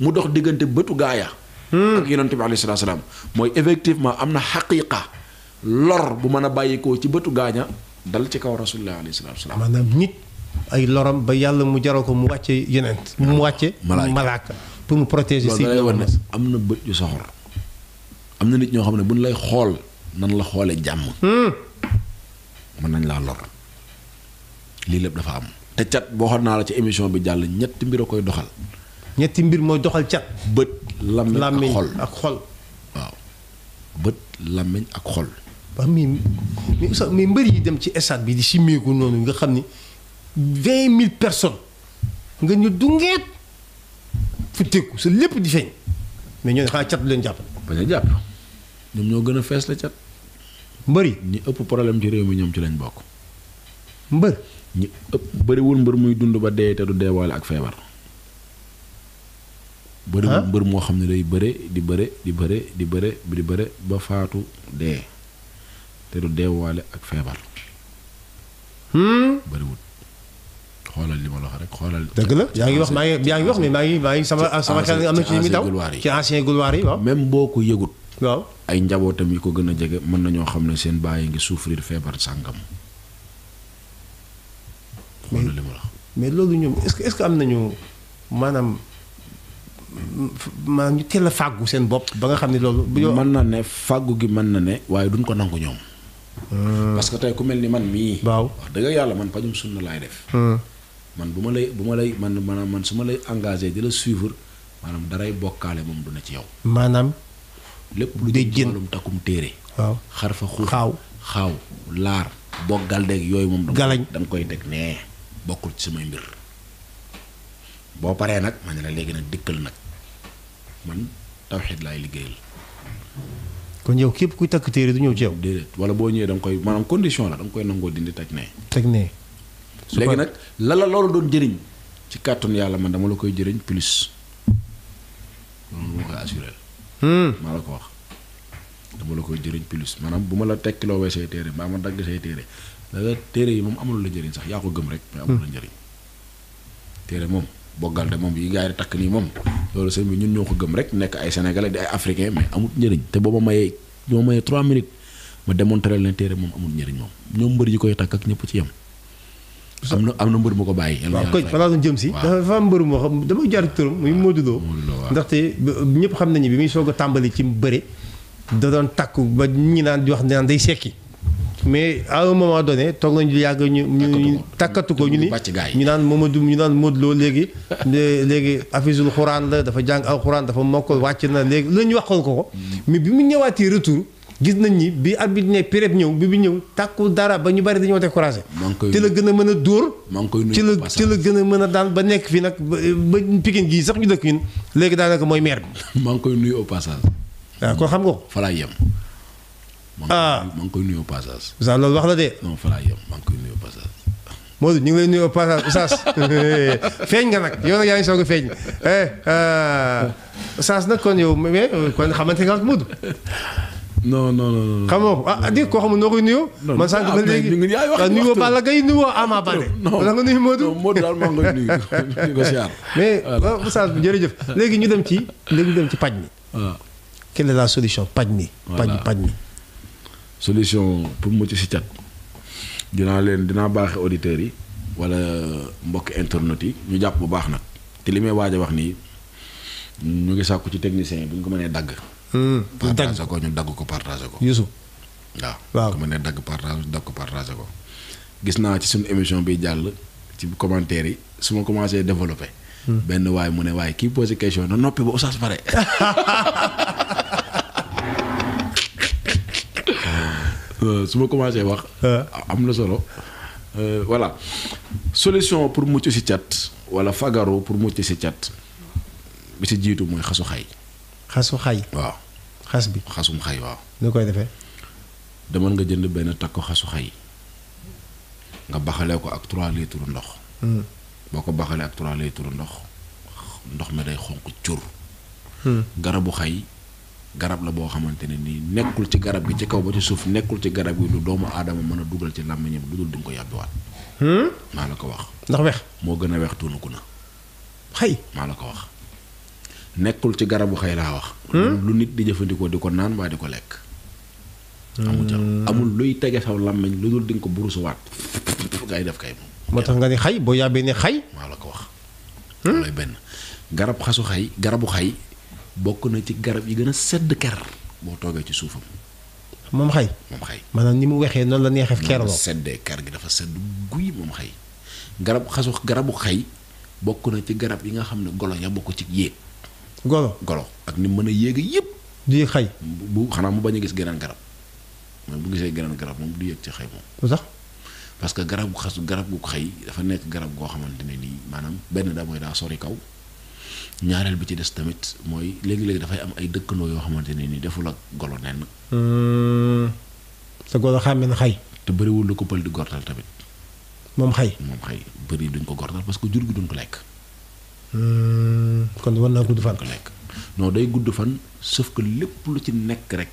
mu dox diggante bëtu gaaya hmm. ak yonente bi alayhi salaatu salaam mooy effectivement am na xaqiqa lor bu mën a bàyyikoo ci bëtu gaaña dal ci kaw rasulullah alayhi salaatu salaam maanaam nit ay loram ba yàlla mu jaroo ko mu wàcce yonent mu wàcce malaaka pour mu protéger si loolu ne am na bët yu soxor am na nit ñoo xam ne bu buñ lay xool nan la xoole jàmm hmm. mën nañ laa lor lii lépp dafa am te cat boo xam naa la ci émission bi jàll ñetti mbir a koy doxal. ñetti mbir mooy doxal cat. bët làmmiñ ak xol waaw bët làmmiñ ak xol. waaw mais mais mbër yi dem ci stade bi di simeeku noonu nga xam ni vingt mille personnes nga ñu dungeet futteeku sa lépp di feeñ mais ñooñu xanaa cat du leen jàpp. bañ a jàpp ñoom ñoo gën a fees la cat. mbër yi ñi ëpp problème ci réew mi ñoom ci lañ bokk. mbër. ñi ëpp bëriwul mbër muy dund ba dee te du deewaale ak feebar. bëriwul ah. mbër moo xam ne day bëre di bëre di bëre di bëre di bëre ba faatu dee te du deewaale ak feebar. Hmm? bëriwul. xoolal li ma la wax rek xoolal. dëgg la yaa ngi wax maa ngi yaa ngi wax mais maa ngi sama sama xel am na ci li muy taw ci ancien gloire yi waaw. même boo ko yëgut. waaw ay njabootam yi ko gën a jege mën ñoo xam ne seen bàyyi ngi souffrir feebar sàngam. mais li ma mais loolu ñoom est-ce que ce que nañu maanaam maanaam ñu teel a fàggu seen bopp ba nga xam ne loolu. bu mën na ne fàggu gi mën na ne. waaye duñ ko nangu ñoom. Hmm. parce que tey ku mel ni man mii. waaw wax yàlla man pajum sunna laay def. Hmm. man bu ma lay bu ma lay man maanaam man su ma lay engagé di la maanaam daray bokkaale moom du na ci yow. lépp lu dee jëm wàllum takkum téere waaw xar fa xuuf xaaw laar boggal deeg yooyu moom du galañ da koy teg nee bokkul ci samay mbir boo paree nag ma ne la léegi nag dëkkal nag man tawxiid laay liggéeyal kon yow képp kuy takk téere du ñëw ci yow déedéet wala boo ñëwee da nga koy maanaam condition la da koy nangoo dindi teg nee teg nee léegi nag la la loolu doon jëriñ ci kàttanu yàlla man dama la koy jëriñ plus loolu moo koy assuré Hmm. maa la ko wax dama la koy jëriñ plus maanaam bu ma la tekkiloowee say téere mbaa ma dagg say téere dala téere moom amul la njëriñ sax yaa ko gëm rek mais amul la hmm. njëriñ téere moom boggal de moom yi gars takk nii moom loolu sëñ bi ñun ñoo ko gëm rek nekk ay sénégalais di ay africain mais amul njëriñ te boo ma mayee boo mayee trois minutes ma démontrer leen téere moom amul njëriñ moom ñoom mbër yi koy takk ak ñëpp ci yem am na am na mbër mu ko bàyyi. waaw koy balaa doon jëm si. dafa am mbër moo xam dama jaar ci turam muy Modou Lo. ndaxte ñëpp xam nañu bi muy soog a tàmbali ci mu bëre. da doon takk ba ñi naan di wax naan day sekki. mais à un moment donné toog nañu yàgg ñu ñu takkatu ko ñu ni ñu naan Mamadou ñu naan Modou Lo léegi léegi afisul xuraan la dafa jàng aw xuraan dafa mokkal wàcc na léegi lu ñu waxal ko ko mm. mais bi mu ñëwaatee retour gis nañ ni bi arbitre ne péréb ñëw bi bi ñëw tàkku dara ba ñu bari dañoo découragé ci la gën a mën a dóor ci la ci gën a mën a daal ba nekk fii nag ba Pikine gii sax ñu dëkk ñun léegi daanaka mooy maire bi maa ngi koy nuyu au ah, kon xam nga ko fa laa yem ah maa ngi koy fa laa yem maa ñu ngi lay nuyu au passage Oustaz feeñ nga nag yaa ngi soog a feeñ eh, ah, Oustaz nag kon yow non non non. xam nga ko ah di ko xam ne noo koy nuyoo. man sank ba léegi ah nuyoo Balla Gaye nuyoo Ama Baldé. non la nga nuyu Modou. Modou daal maa ngi koy nuyu di ko siyaar. mais Oustaz jërëjëf léegi ñu dem ci léegi ñu dem ci paj mi. waaw quelle est la solution paj mi. paj mi paj solution pour mucc ci chat dina leen dina baxé auditeur yi wala mbokk internet yi ñu japp bu baax nak te limay waja wax ni ñu ngi sakku ci technicien bu ngi ko mënee dagg. Hmm. dagg partagé ko ñu dagg ko partagé ko. Youssou waaw. ma ne dagg partagé dagg ko partagé ko. gis naa ci suñ émission biy jàll ci commentaire yi su ma commencé développé. Hmm. benn waay mu ne waaye kii posé question na noppi ba oustaz pare. Euh, su ma commencé wax. Euh. am na solo. walla euh, solution pour mucc si cat wala fagaru pour mucc si cat bi si jiitu mooy xasu xay. xasu xay. waaw xas bi xasum xay waaw. nu koy defe demal nga jënd benn takku xasu xay nga baxalee ko ak 3 litres ndox. Hmm. boo ko baxalee ak 3 litres ndox ndox mi day xonq cur. Hmm. garabu xay garab la boo xamante ne nii nekkul ci garab gi ci kaw ba ci suuf nekkul ci garab gi lu doomu aadama mën a dugal ci làmmiñam lu dul di ko yàbbiwaat. Hmm? maa la ko wax. ndax wex moo gën a weex tuunu ku na. xay maa la ko wax. nekkul ci garabu xay laa wax. Hmm? lu nit di jëfandikoo di ko naan mbaa di ko lekk. Hmm. amul luy tege saw làmmiñ lu dul di nga ko burusuwaat ngay def kay. moo tax nga ni xay boo yàbbee ne xay. maa la ko wax. Hmm? loolu benn garab xasu xay garabu xay bokk na ci garab yi gën a sedd ker boo toogee ci suufam. moom xay moom xay. maanaam ni mu wexee noonu la neexee ker boobu seddee ker gi dafa sedd guy moom xay. garab xasu garabu xay bokk na ci garab yi nga xam ne golo ya bokk ci yéeg. golo golo ak ni mën a yéeg yëpp. di xay bu xanaa mu bañ a gis geneen garab moom bu gisee geneen garab moom du yëg ci xay moom. sax parce que garab gu garab gu xay dafa nekk garab goo xamante ne nii maanaam benn daa mooy daa sori kaw ñaareel bi ci des tamit mooy léegi-léegi dafay am ay dëkkandoo yoo xamante ne nii deful ak golo nenn. sa hmm. golo xàmme na xay. te bëriwul lu ko pël di gortal tamit. moom xay moom xay bëri duñ ko gortal parce que jur gi duñ ko lekk. Hmm, kon war naa gudd fan. ko lekk non day gudd fan sauf que lépp lu ci nekk rek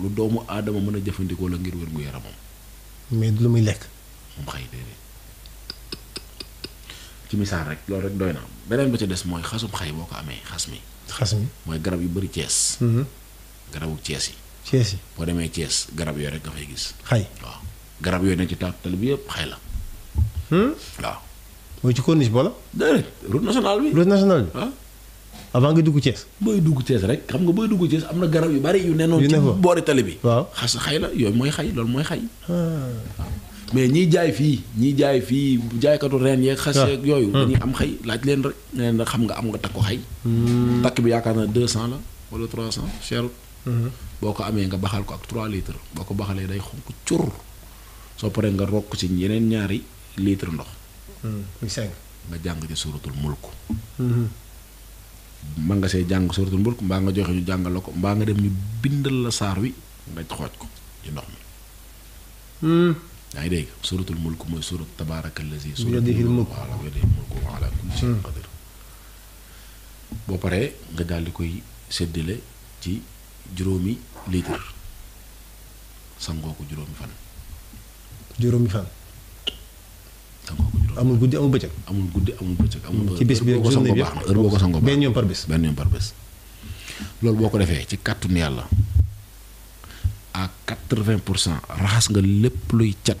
lu doomu aadama mën a jëfandikoo la ngir wér gu yaramam. mais lu muy lekk. moom xëy déedéet ci misaal rek loolu rek doy na beneen ba ci des mooy xasum xay boo ko amee xas mi. xas mi mooy garab yu bëri cees. Hmm. garabu cees yi. cees yi boo demee cees garab yooyu rek nga fay gis. xay waaw garab yooyu ne ci taat tali bi yëpp xay la. Hmm? waaw. mooy ci corniche boola. déedéet route nationale bi. route nationale bi ah. avant ngi dugg Thiès. booy duggu Thiès rek xam nga booy duggu Thiès am na garab yu bari yu ne noonu. ci boori tali bi. waaw xas xay la yooyu mooy xay loolu mooy xay. Ah. mais ñiy jaay fii ñiy jaay fii jaaykatu reen yeeg xas ah. yeeg yooyu. dañuy am xay laaj leen rek. ne leen xam nga am nga ko xay. Hmm. takk bi yaakaar na deux cent la wala trois cent cherut. Hmm. boo ko amee nga baxal ko ak trois litres boo ko baxalee day xonk cur soo paree nga rokk ci yeneen ñaari litres ndox. muy cinq nga jàng ci suuratul mulk ma mm-hmm. nga see mbaa nga joxe ñu jàngal ko mbaa nga dem ñu bindal la saar wi nga xooj ko ci ndox mi mm-hmm. yaa ngi dégg suuratul mulk mooy suurat tabaaraka allazi biyadihil mulk boo paree nga daal di koy séddale ci juróomi litre sangoo ko juróomi fan juróomi fan sangoo ko amul guddi amul bëccëg amul guddi amul bëccëg amul ci bis bi rek journée bi heure boo ko sango benn yoon par bés benn yoon par bés loolu boo ko ci kàttun yàlla à 80 pour nga lépp luy cat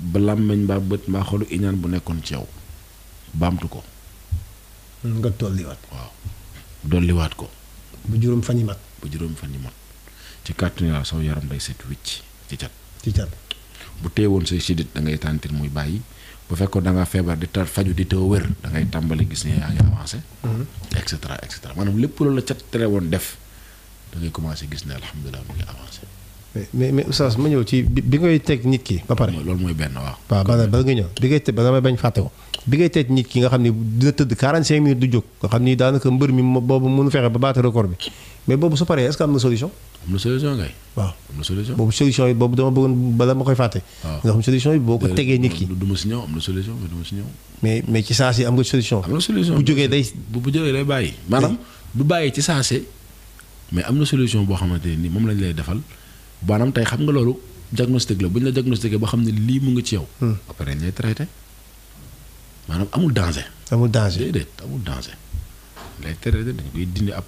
ba làmmeñ mbaa bët mbaa xolu iñaan bu nekkoon ci yow baamtu ko nga tolliwaat waaw dolliwaat ko bu juróom fan mat bu juróom fan mat ci kàttun yàlla saw yaram day set wicc ci cat ci cat bu teewoon say sidit da ngay tàntir muy bàyyi bu fekkoon da ngaa feebar di ta faju di teew wér da tàmbali gis ne yaa ngi avancé. Mhm. et cetera et lépp loolu la ca tere woon def da ngay commencé gis ne alhamdulilah mu ngi avancé. mais mais oustaz ma ñëw ci bi ngay teg nit ki ba pare. loolu mooy benn waaw. waaw ba ba nga ñëw bi ngay teg ba damay bañ fàtte ko. bi ngay teg nit ki nga xam ni dina tëdd 45 minutes du jóg nga xam ni daanaka mbër mi boobu mënu fexe ba baate record bi mais boobu su paree est-ce que am na solution. am na solution ngay. waaw am na solution. boobu solution yi boobu dama bëggoon bala ma koy fàtte. nga xam solution yi boo ko tegee nit ki. du ma si ñëw am na solution du ma si ñëw. mais mais ci saa si am nga solution. am na solution bu jógee day. bu bu jógee day bàyyi. maanaam du bàyyi ci saa si mais am na solution boo xamante ni moom lañ lay defal maanaam tey xam nga loolu diagnostic la bu ñu la diagnostiqué ba xam ne lii mu ngi ci yow. Hmm. après dañ traité maanaam amul danger. amul danger déedéet amul danger. lay traité dañ koy dindi a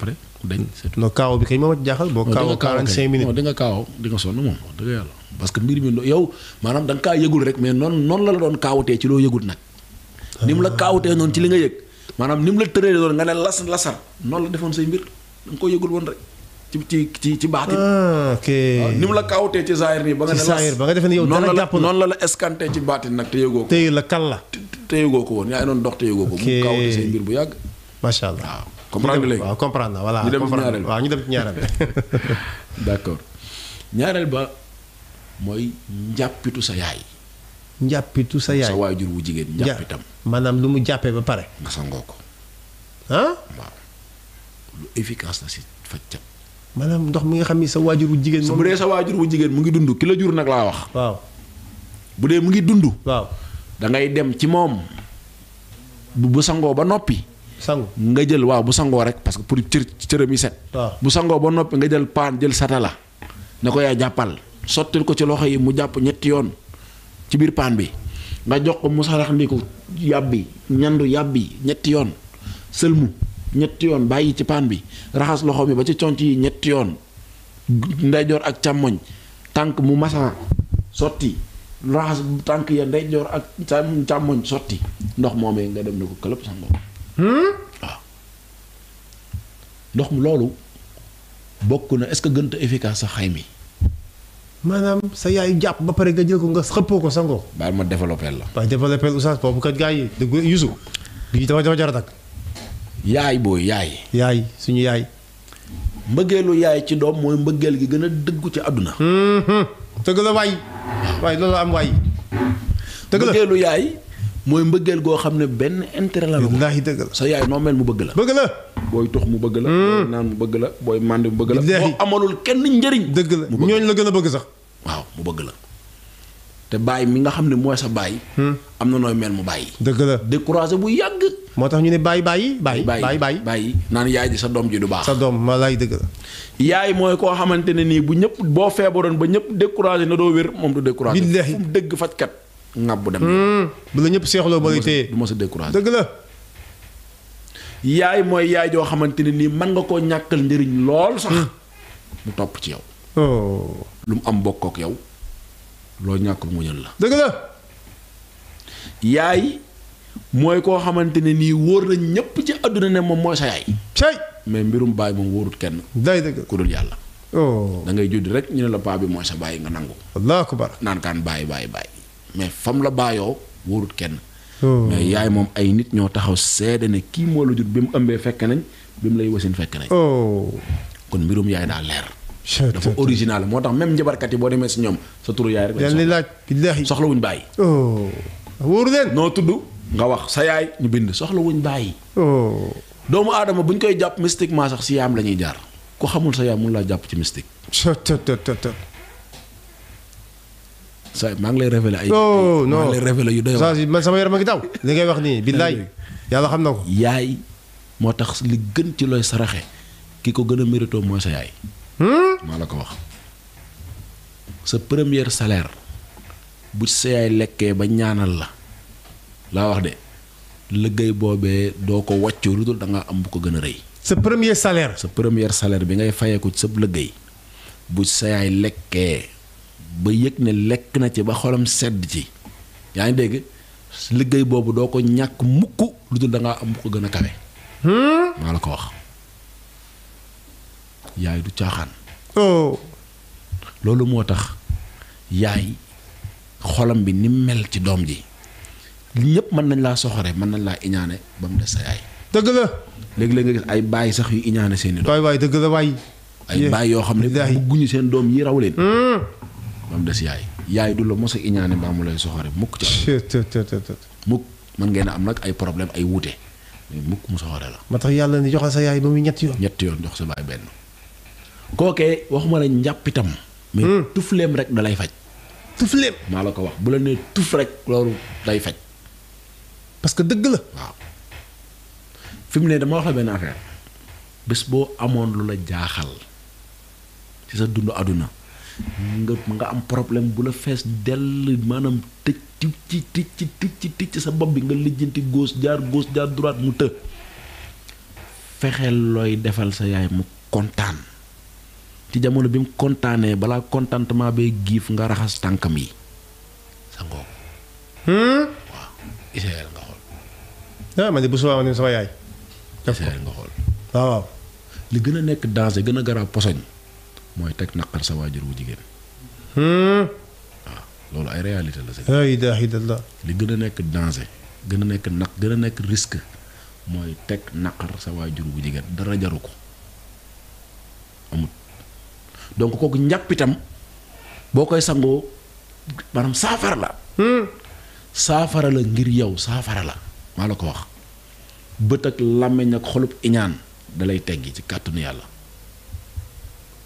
jaaxal boo. kaaw 45 minutes non di nga kaaw di nga sonn moom wax dëgg yàlla. parce que mbir mi yow maanaam da nga kaa yëgul rek mais noonu noonu la la doon kaawutee ci loo yëgul nag. Ah. ni mu la kaawutee noonu ci li nga yëg. maanaam ni mu la tëree doon nga ne las lasar la defoon say mbir da nga ko yëgul woon rek. ci ci ci ci baatin. Ah, ok ah, ni mu la kaawutee ci zaahir bi ba nga ba nga defe ne yow dara jàpp noonu la la escanté ci baatin nag te yëgoo ko. tey la kal la. te yëgoo ko woon yaa ngi doon dox te yëgoo ko. mu kaawutee bu yàgg. macha allah waaw comprendre léegi waaw comprendre na voilà. ñu dem ci ñaareel sa yaay. njàppitu sa yaay sa waajur wu jigéen njàppitam. maanaam lu mu jàppee ba pare. nga sangoo ko. Ah? lu efficace la si faj manam ndox mi nga xam ni sa wajuru jigen su bude dee sa waajuru jigen mu ngi dundu ki la jur nak la wax waaw bude mu ngi dundu waaw da ngay dem ci mom bu sango ba nopi sango nga jël waaw bu sango rek parce que pour cër cëram yi set bu sango ba nopi nga jël pan jël satala nako ya jappal sotil ko ci loxe yi mu japp ñetti yoon ci bir pan bi nga jox ko mu ndiku yabbi ñandu yabbi ñetti yoon selmu ñetti yoon bayyi ci pan bi raxas loxo mi ba ci tonti ñetti yoon ak càmmoñ tank mu masa soti raxas tank ya ndeyjoor ak càmmoñ soti ndox momé nga dem nako club kalau sango hmm ndox mu lolu bokku na est ce que gënta efficace sa xaymi manam sa yaay japp ba pare nga jël ko nga xëppoo ko sango yuzu ma développer la kat gaay yi de yusu bi yaay booy yaay. yaay suñu yaay. mbëggeelu yaay ci doom mooy mbëggeel gi gën a dëggu ci àdduna. Mm-hmm. dëgg la waay waay loolu am waay. dëgg la yaay mooy mbëggeel goo xam ne benn intérêt la. wallaahi dëgg sa yaay noo mel mu bëgg la. bëgg la booy tux mu bëgg la. Mm. booy naan mu bëgg la booy màndi mu bëgg la. boo amalul kenn njëriñ. dëgg la ñooñ la gën a bëgg sax. waaw mu bëgg la. te bàyyi mi nga xam ne mooy sa bàyyi. Hmm. am na nooy mel mu bàyyi. dëgg la découragé bu yàgg. moo tax ñu ne bàyyi bàyyi bàyyi bàyyi bàyyi bàyyi naan yaay ji sa doom ji du baax sa doom ma lay dëgg la yaay mooy koo xamante ne nii bu ñëpp boo feebaroon ba ñëpp découragé na doo wér moom du découragé billaahi fu mu dëgg fajkat ngab dem hmm. bu la ñëpp seexloo ba lay téye du ma sa découragé dëgg mooy yaay joo xamante ne nii mën nga koo ñàkkal njëriñ lool sax hmm. mu topp ci yow oh. lu mu am bokk ak ñàkk loo ñàkkul muñal la dëgg la yaay mooy koo xamante ne nii wóor na ñëpp ci àdduna ne moom mooy sa yaay. cey mais mbirum baay moom wóorut kenn. day dëgg ku dul yàlla. oh da ngay judd rek ñu ne la paa bi mooy sa baay nga nangu. allah akbar naan kaan baay baay baay mais fam la baayoo wóorut kenn. Oh. mais yaay moom ay nit ñoo taxaw seede ne kii moo la jur bi mu ëmbee fekk nañ bi mu lay wasin fekk nañ. Oh. kon mbirum yaay daa leer. dafa original moo tax même njabarkat yi boo demee si ñoom sa turu yaay rek. dañ lay laaj billaahi oh. wóoru leen noo tudd nga wax sa yaay ñu bind soxla wuñ bàyyi oh. doomu aadama buñ koy mystique ma sax siyam saya jaar ku xamul sa yaay mu la Saya ci mystique sa maa ngi lay révéler ay oh, maa ngi lay révéler yu doyo sa man sama yaram a ngi taw li ngay wax ni saya yalla xam nako yaay moo tax li gën ci loy saraxé kiko gëna mérito mo sa yaay hmm? ma la ko wax sa premier salaire bu sa yaay lekke ba ñaanal la la wax ah, de liggey bobé do ko waccu rudul da nga am bu ko gëna reuy ce premier salaire ce premier salaire bi ngay fayeeku ci liggey bu sayay yaay ba yek ne lek na ci ba xolam sedd ci ya ngi dégg nyak muku do ko ñak mukk rudul da nga am bu ko gëna kawé hmm ko wax yaay du caaxaan oh. lolu motax yaay xolam bi ni mel ci dom ji lii yëpp mën nañ laa soxore mën nañ laa iñaane ba mu des sa yaay. dëgg la. léegi-léegi nga gis ay baay sax yu iñaane seen i doom. waay dëgg la waay. ay baay yoo xam ne bëgguñu seen doom yi raw leen. Hmm. ba mu des yaay. yaay du la mos a iñaane mbaa mu lay soxore mukk ci mukk mën ngeen am nag ay problème ay wuute mais mukk mu soxore la. ma tax yàlla ni joxe sa yaay ba muy ñetti yoon. ñetti yoon jox sa baay benn. kookee waxuma la njàppitam. mais hmm. tufleem rek da lay faj. tufleem maa la ko wax bu la nee tuf rek loolu day faj. parce que dëgg la waaw fi mu ne dama wax la benn affaire bés boo amoon Enggak la jaaxal ci sa dund àdduna nga nga am problème bu la fees dell maanaam tëj ci ci tëj ci tëj ci tëj ci sa bopp bi nga lijjanti gauche jaar gauche jaar droite mu të fexeel looy defal sa yaay mu kontaan ci jamono bi mu kontaanee contentement bay giif nga raxas tànkam yi sa ngoog hmm? Israël nga xool. nga xool. waaw. li gën a nekk danger gën a garaaw posoñ mooy teg naqar sa waajur wu jigéen. waaw hmm? ah, loolu ay réalité la sëñ. la li gën a nekk danger. gën a nekk naq gën nekk risque mooy teg naqar sa waajur wu jigéen dara jaru ko donc kooku njàpp itam boo koy sangoo maanaam saafara la. Hmm? saafara la ngir yow saafara la maa la ko wax bët ak làmmiñ ak xolub iñaan dalay teggi ci kàttanu yàlla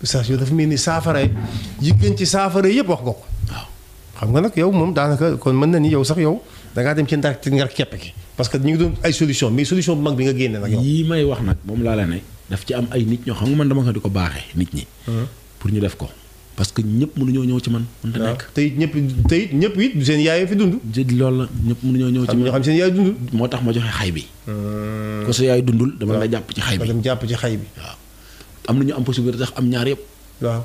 ustaas yow dafa mel ni saafara yi gën ci saafara yëpp wax nga ko waaw xam nga nag yow moom daanaka kon mën na ni yow sax yow dangaa dem ci ndar te ngar keppe ki parce que ñu ngi doon ay solution mais solution bu mag bi nga génne nag yow yii may wax nag moom laa la ne daf ci am ay nit ñoo xam nga man dama ko di ko baaxee nit ñi uh-huh. pour ñu def ko parce que nyep mënu ñoo ñëw ci man mën ta nekk tey ñëpp tey ñëpp it seen yaay fi dund jëd loolu ñëpp mënu ñoo ñëw ci man xam seen yaay dund moo tax ma joxe xay bi hmm. ko sa yaay dundul dama la jàpp ci xay bi dama jàpp ci xay bi waaw am nañu am possibilité tax am ñaar yëpp waaw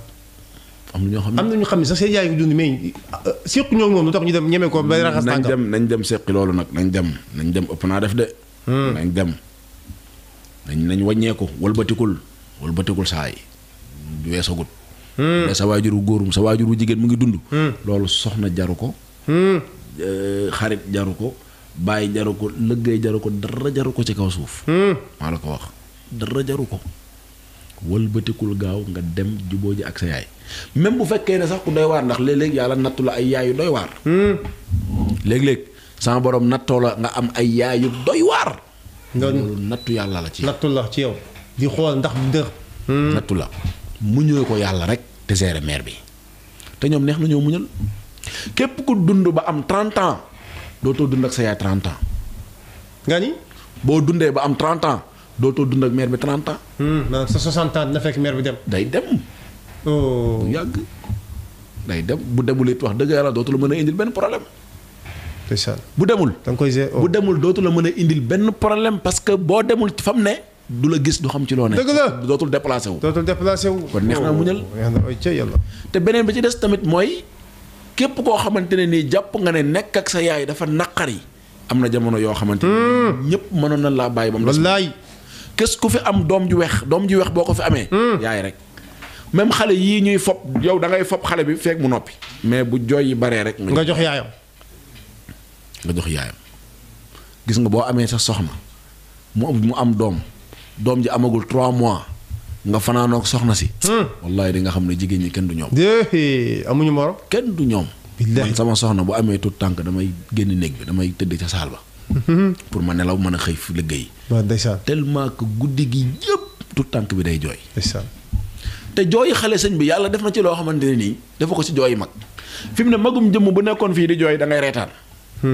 am na xam am na xam sax seen yaay dund mais euh, seq ñoo moom tax ñu dem ñeme ko bay raxas nañ dem nañ dem loolu nañ dem nañ dem ëpp naa def de hmm. nañ dem nañ nañ saay Hmm. mais sa waajur wu góorum sa waajur wu jigéen mu ngi dund hmm. loolu soxna jaru ko hmm. euh, xarit jaru ko bàyyi jaru ko lëggéey jaru ko dara jaru ko ci kaw suuf maa la ko wax dara jaru ko wëlbatikul gaaw nga dem juboo ji ak sa yaay même bu fekkee ne sax ku doy waar ndax léeg-léeg yàlla nattu la ay yaay yu doy waar léeg-léeg sama borom nattoo la nga am ay yaay yu doy waar loolu nattu yàlla la ci nattu la ci yow di xool ndax dër nattu la muñoo ko yàlla rek te gérer maire bi te ñoom neex na ñoo muñal képp ku dund ba am 30 ans dootoo dund ak sa yaay 30 nga ni boo dundee ba am 30 ans dootoo dund ak maire bi 30 ans. Hmm, maanaam fekk maire bi dem. day dem. oh yàgg day dem bu demul it wax dëgg yàlla dootu la mën a indil benn problème. bu demul. da koy oh. demul dootu la mën a indil benn problème parce que boo demul fam ne. du la gis du xam ci loo ne. dëgg la dootul déplacé wu. dootul déplacé wu. kon neex naa oh, muñal. Oh, te beneen bi ci des tamit mooy képp koo xamante ne nii jàpp nga ne nekk ak sa yaay dafa naqari am na jamono yoo xamante ne hmm. ñëpp mënoon na laa bàyyi ba mu. wallaay kës ku fi am doom ju weex doom ju weex boo ko fi amee. Hmm. yaay rek même xale yii ñuy fob yow da ngay fob xale bi feek mu noppi. mais bu jooy yi baree rek. nga jox yaayam. nga jox yaayam gis nga boo amee sa soxna mu am mu am doom. doom ji amagul 3 mois nga fanaanoog soxna si. Hmm. wallahi di nga xamne jigeen jigéen ñi kenn du dehe amuñu moro kenn du ñom man sama soxna bu amé tout tank damay genn neeg bi damay teud ci salle ba. Hmm. pour ma nelaw mëna xey xëy fi liggéey. ba ndeysaan tellement que guddi gi yëpp tout tank bi day joy ndeysaan té joy xalé señ bi yalla def na ci lo xamanteni ni def ko ci joy mag fi ne magum jëm bu nekkon fi di joy da ngay rétane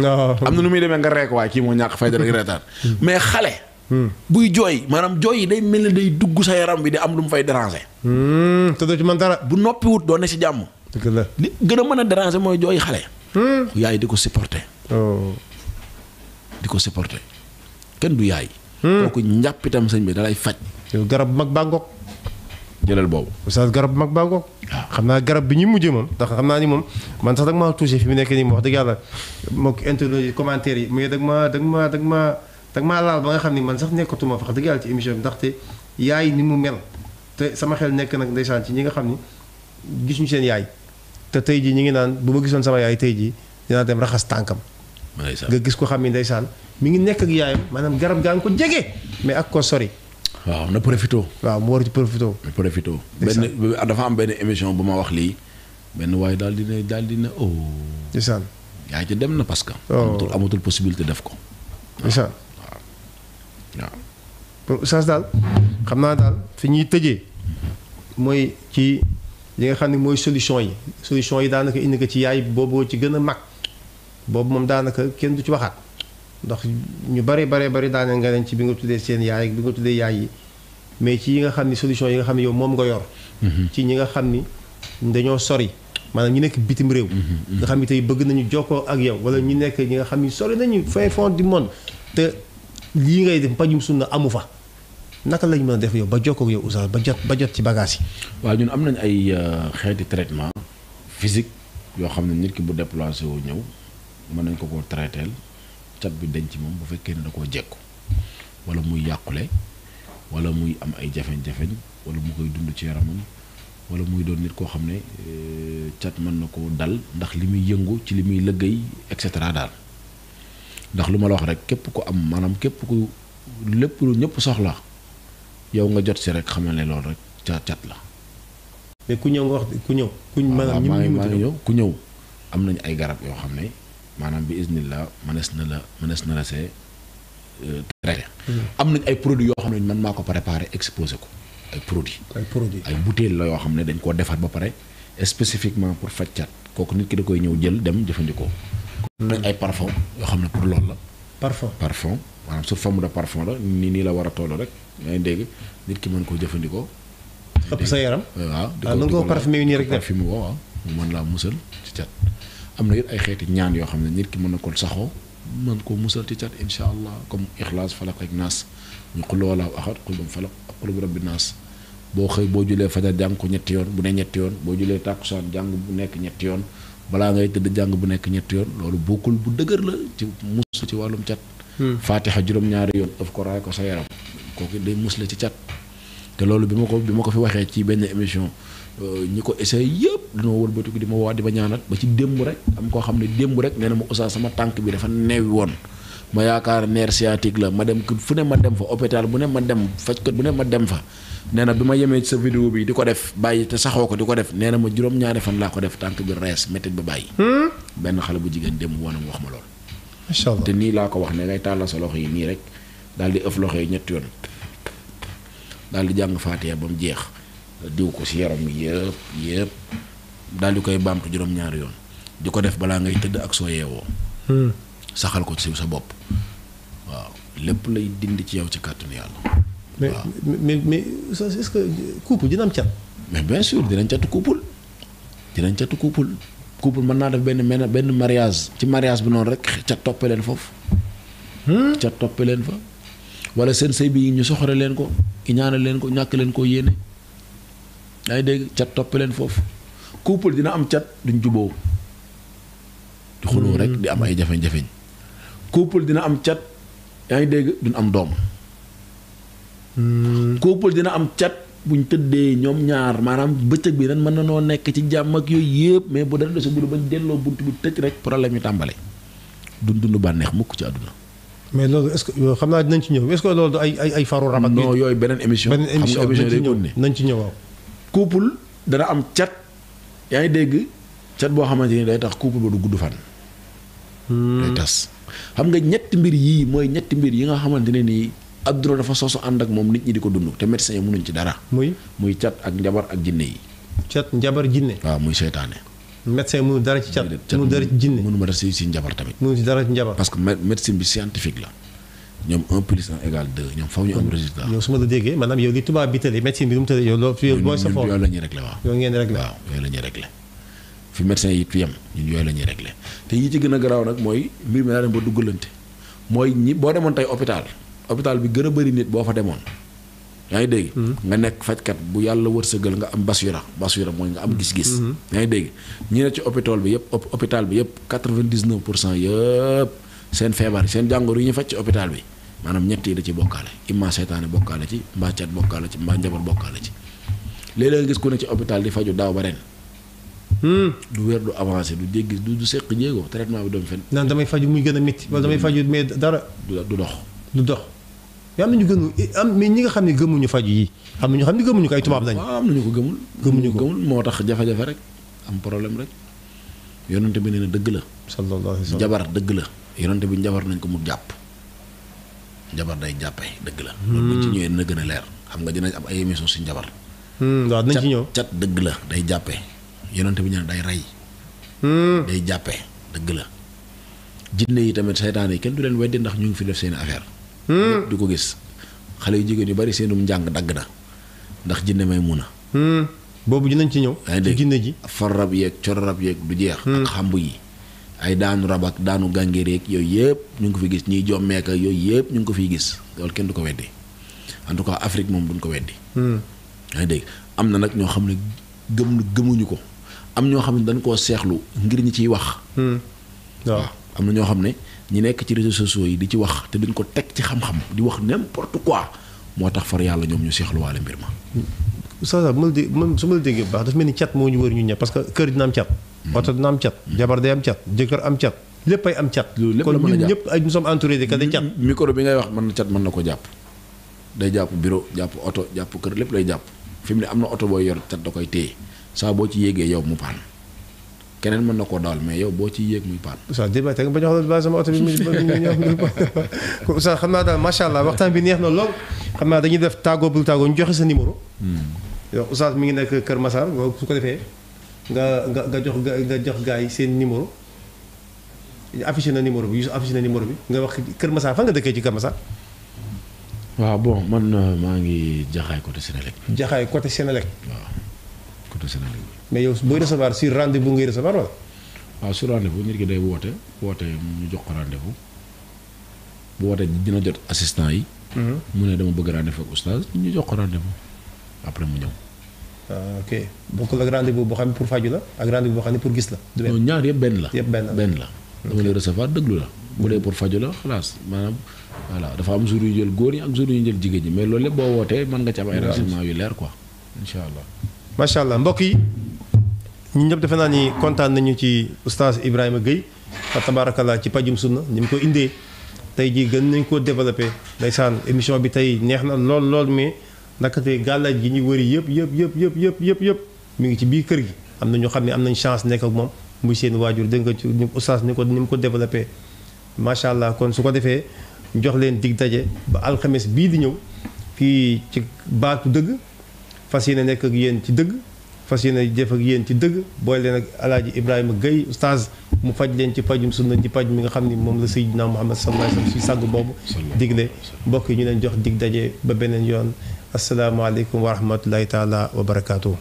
ah. amna nu muy démé nga rék waaye ki mo ñak fay da ngay rétane hmm. mais xalé hmm buy joy manam joy day melni day dugg sa yaram bi day am lum fay déranger. Hmm, te doo ci man dara. bu nopi wut do ne ci jamm deug la li gën a déranger moy joy xalé hmm yaay diko supporter. oh diko supporter ken du yaay. Hmm. kooku njàpp itam señ bi da lay faj. yow garab mag bangok jëlal bobu oustad garab mag bangok ah. xamna garab bi ñi mujjë mom tax xamna naa ni moom man sax dag ma touché fi mu nekk nii wax deug yalla mok internet commentaire yi mu mais dag ma dag ma dag ma dag maa laal xam ni man sax nekkatuma wax dëgg yàlla ci yaay ni mu mel te sama xel nekk nag ndeysaan ci ñi nga xam ni gisuñu seen yaay te tey jii ñu ngi naan bu ma gisoon sama yaay tey jii dinaa dem raxas tànkam. nga gis ko xam ni ndeysaan mi ngi nekk ak yaayam maanaam garab gaa ko jege mais ak ko sori. na profité. waaw mu war ci profité. na profité dafa am benn émission bu ma wax lii benn waaye daal dina daal dina oh. ndeysaan. yaa ci dem na parce que. Oh. amatul possibilité def ko. ndeysaan waaw. daal xam naa daal fi ñuy tëjee mooy ci li nga xam ne mooy solution yi solution yi daanaka indi ko ci yaay booboo ci gën a mag boobu moom daanaka kenn du ci waxaat ndax ñu bare bare bari daane nga leen ci bi nga tuddee seen yaay bi nga tuddee yaay yi mais ci yi nga xam ni solution yi nga xam ne yow moom nga yor. Mhm. ci ñi nga xam ni dañoo sori. maanaam ñu nekk bitim réew. Mhm, mhm. nga xam ni tey bëgg nañu jokkoo ak yow wala ñu nekk ñi nga xam ni sori nañu fin fond du monde lii ngay def mbajum sunna amu fa naka lañ mën a def yow ba jokkoo ak yow oustaz ba jot ba jot ci bagage yi. waaw ñun am nañ ay euh, xeeti traitement physique yoo xam ne nit ki bu déplacé woo ñëw mën nañ ko koo traiteel cat bi denc moom bu fekkee ne da koo jekku wala muy yàqule wala muy am ay jafeñ-jafeñ wala mu koy dund ci yaramam wala muy doon nit koo xam ne euh, cat mën na koo dal ndax li muy yëngu ci li muy lëggéey et cetera daal. ndax lu ma la wax rek képp ko am maanaam képp ku lépp lu ñëpp soxla yow nga jot si rek xamal ne loolu rek ca cat la. mais ku ñëw nga wax ku ñëw. ku ah, maanaam ñëw ku ñëw am nañu ay garab yoo xam ne maanaam bi isnillah mënees na la mënees na la see euh, traité. Hmm. am nañ ay produits yoo xam ne man maa ko préparé exposé ko ay produits. ay produits ay bouteilles la yoo xam ne dañ koo defar ba pare spécifiquement pour faj cat kooku nit ki da koy ñëw jël dem jëfandikoo. am nañ ay parfum yoo xam ne pour lool la. parfum parfum maanaam su forme de parfum la nii nii la war a toll rek yaa ngi dégg nit ki mën koo jëfandikoo. sa yaram ah, waaw. di ko di ko parfumé rek parfumé ko waaw mu mën laa musal ci cat. am na it ay xeeti ñaan yoo xam ne nit ki mën na ko saxoo mën koo musal ci cat incha allah comme ixlaas falak ak naas ñu xul wallaahu ahad xul bam falak ak xul bi rabbi naas boo xëy boo julee fajar jàng ko ñetti yoon bu ne ñetti yoon boo julee tàkkusaan jàng bu nekk ñetti yoon balaa ngay tëdd jàng bu nekk ñetti yoon loolu bokkul bu dëgër la ci mus ci wàllum cat. Hmm. faatixa juróom-ñaari yoon daf ko raay ko sa yaram kooku day mus la ci cat. te loolu bi ma ko bi ma ko fi waxee ci benn émission euh, ñi ko essayé yëpp dina ma wëlbatiku di ma waa di ma ba ci démb rek am koo xam ne démb rek nee na ma oustaz sama tànk bi dafa neewi woon. ma yaakaar nerf sciatique la ma dem fu ne ma dem fa hôpital bu ne ma dem fajkat bu ne ma dem fa nee bima yeme ci bi di def bàyyi te hoko ko di def nee na ma juróom-ñaari fan la ko def tànk bi res métit ba bàyyi hmm? ben xale bu jigéen dem woonam wax ma loolu macha allah te nii laa ko wax ne ngay tàllal sa loxo ni rek dal di ëf loxo yi ñetti yoon daal di jang faatiya ba mu jeex diw ko si yaram yëpp yëpp dal di koy baamtu juróom-ñaari yoon di def ngay ak hmm. saxal ko ci sa bop waaw lay dindi ci yow ci yalla mais mais mais est-ce que couple dina am cat. mais bien sûr dinañ catu couple dinañ catu couple. couple mën naa def benn benn benn mariage ci mariage bi noonu rek cat toppee leen foofu. Hmm? cat toppee leen fa. wala seen sëy bi ñu soxore leen ko ñaanal leen ko ñàkk leen ko yéene. yaa ngi dégg cat toppee leen foofu. couple dina am cat duñ juboo di xuloo rek di am ay jafeñ jafeñ couple dina am cat yaa ngi dégg duñ am doom. couple dina am cat buñ tëddee ñoom ñaar maanaam bëccëg bi nan mën na noo nekk ci jàmm ak yooyu yëpp mais bu dara dese bu bañ delloo bunt bi tëj rek problème yu tàmbale dund dund bànneex mukk ci àdduna mais loolu est-ce que xam naa dinañ ci ñëw est-ce que loolu du ay ay ay yooyu beneen émission beneen émission nañ ci ñëw waaw dana am cat yaa ngi dégg cat boo xamante ni day tax couple ba du gudd fan hmm. day tas xam nga ñetti mbir yii mooy ñetti mbir yi nga xamante ne nii aduna dafa soso and ak mom nit ñi diko dund te médecin mënuñ ci dara muy muy chat ak njabar ak jinne yi chat njabar jinne wa muy setané médecin mënu dara ci chat mënu dara ci jinne mënu ma dara ci njabar tamit mënu ci dara ci njabar parce que médecin bi scientifique la ñom 1 plus 1 égal 2 ñom faaw ñu am résultat ñom suma da déggé manam yow li tuba bi télé médecin bi dum télé yow lo fi yow boy sa fo yow la ñi réglé waaw yow ngeen réglé wa yow la ñi réglé fi médecin yi tu yam ñun yoy la ñi réglé té yi ci gëna graw nak moy mbir mi la dem ba duggalante moy ñi bo demone tay hôpital hôpital bi gën a bëri nit boo fa demoon yaa ngi dégg hmm. nga nekk fajkat bu yàlla wërsëgal nga am basura basura mooy nga am hmm. gis-gis hmm. yaa ngi dégg ñi ne ci hôpital bi yëpp hôpital bi yëpp quatre-vingt-dix-neuf pour cent yëpp seen feebar seen jàngoro yi ñu faj ci hôpital bi maanaam ñett yi da ci bokkaale imma seytaane bokkaale ci mbaa cat bokkaale ci mbaa njabar bokkaale ci léeg-léeg nga gis ku ne ci hôpital di faju daaw ba ren du wér du avancé du jéggi du du seq jéego traitement bi doom fen naan damay faju muy gën a métti wala damay faju mais dara du dox du dox am nañu gënu am mais ñi nga xam ne gëmuñu faju yi am nañu xam ne gëmuñu ay lañu am nañu ko gëmul gëmuñu ko gëmul am problème rek bi sallallahu wasallam jabar dëgg la yonente jabar nañ ko mu jabar day jàppee dëgg la hmm. loolu ci ñëwee na gën leer xam nga am ay jabar hmm, waaw dinañ ci ñëw cat dëgg la day jàppee yonente bi nee na day rey hmm. day jàppee dëgg la jinne yi tamit seytaane kenn du leen weddi ndax ñu ngi nit hmm. du ko gis xale yu jigéen yu bari seenum njàng dagg na ndax jinne may mun a hmm. boobu nañ ci ñëw ci jinne ji far rab yeeg cor rab yeeg du jeex hmm. ak xàmb yi ay daanu rab ak daanu gàngeer yeeg yooyu yëpp ñu ngi ko fi gis ñuy jommeeka yooyu yëpp ñu ngi ko fiy gis loolu kenn du ko weddi en tout cas Afrique moom duñ ko weddi yaa dégg am na nag ñoo xam ne gëm gëmuñu ko am ñoo xam ne dañ ko seexlu ngir ñi ciy wax waaw am na ñoo xam ne ñi nekk ci réseaux sociaux yi di ci wax te duñ ko teg ci xam-xam di wax n'importe quoi moo tax far yàlla ñoom ñu seexluwaale mbir ma. oustaz bu ma la dé su ma la déggee bu baax dafa mel ni cat moo ñu wër ñu ñëpp parce que kër dina am cat. oto dina am cat. jabar day am cat jëkkër am cat. lépp ay am cat. loolu lépp la mën a jàpp kon ñun ñëpp ay nous sommes entourés de kat day cat. micro bi ngay wax mën na cat mën na ko jàpp day jàpp bureau jàpp oto jàpp kër lépp lay jàpp fi mu ne am na oto booy yor cat da koy téye saa boo ci yéegee yow mu paan keneen mën na koo daal mais yow boo ci yéeg muy paan. oustaz déedéet nga bañ a wax daal sama oto bi naa daal macha allah waxtaan bi neex na lool xam naa dañuy def tàggoo bul tàggoo ñu joxe sa numéro. Hmm. yow oustaz mi ngi nekk Kër Massar su ko defee nga nga nga jox nga jox gars yi seen numéro affiché na numéro bi Youssou affiché na numéro bi nga wax Kër Massar fa nga dëkkee ci Kër Massar. waaw bon man euh, maa ngi jaxaay côté Sénélec. jaxaay côté Sénélec. waaw. sénégalais mais yow booy recevoir sur rendez-vous ngay recevoir wala. waaw sur rendez-vous day woote woote ñu jox ko rendez-vous bu wootee jot assistant yi. Mhm. mu ne dama bëgg rendez-vous ak ñu jox ko rendez-vous après mu ñëw. Ah, ok bokkul ak rendez-vous boo xam ne pour faju la ak rendez boo xam ne pour gis la. du ñaar yëpp benn la. yëpp benn la benn la. dama lay la. bu dee pour faju la xalaas maanaam voilà dafa am jour yu jël góor ñi ak jur yu jël jigéen ñi mais loolu lépp boo wootee mën nga ci am ay renseignements yu leer ko incha allah. macha allah mbokk yi ñun ñëpp defe naa ni kontaan nañu ci oustaz Ibrahima Guèye fa tabarakallah ci pajum sunna ni mu ko indee tey jii gën nañ koo développé ndeysaan émission bi tey neex na lool lool mais ndakate gàllaaj gi ñu wëri yëpp yëpp yëpp yëpp yëpp yëpp yëpp mi ngi ci biir kër gi am na ñoo xam ne am nañ chance nekk ak moom muy seen waajur dégg nga ci oustaz ni ko ni mu ko développé macha allah kon su ko defee jox leen dig daje ba alxames bii di ñëw fii ci baatu dëgg fas ne nekk ak yéen ci dëgg fas yéene def ak yéen ci dëgg boole leen ak alaaji Ibrahima Gueye oustaz mu faj leen ci pajum sunna ci paj mi nga xam ni moom la Seydina Muhammad sallallahu alayhi wa sallam si sàgg boobu digle mbokk yi ñu leen jox digg daje ba beneen yoon asalaamaaleykum wa rahmatullahi taala wa barakaatu.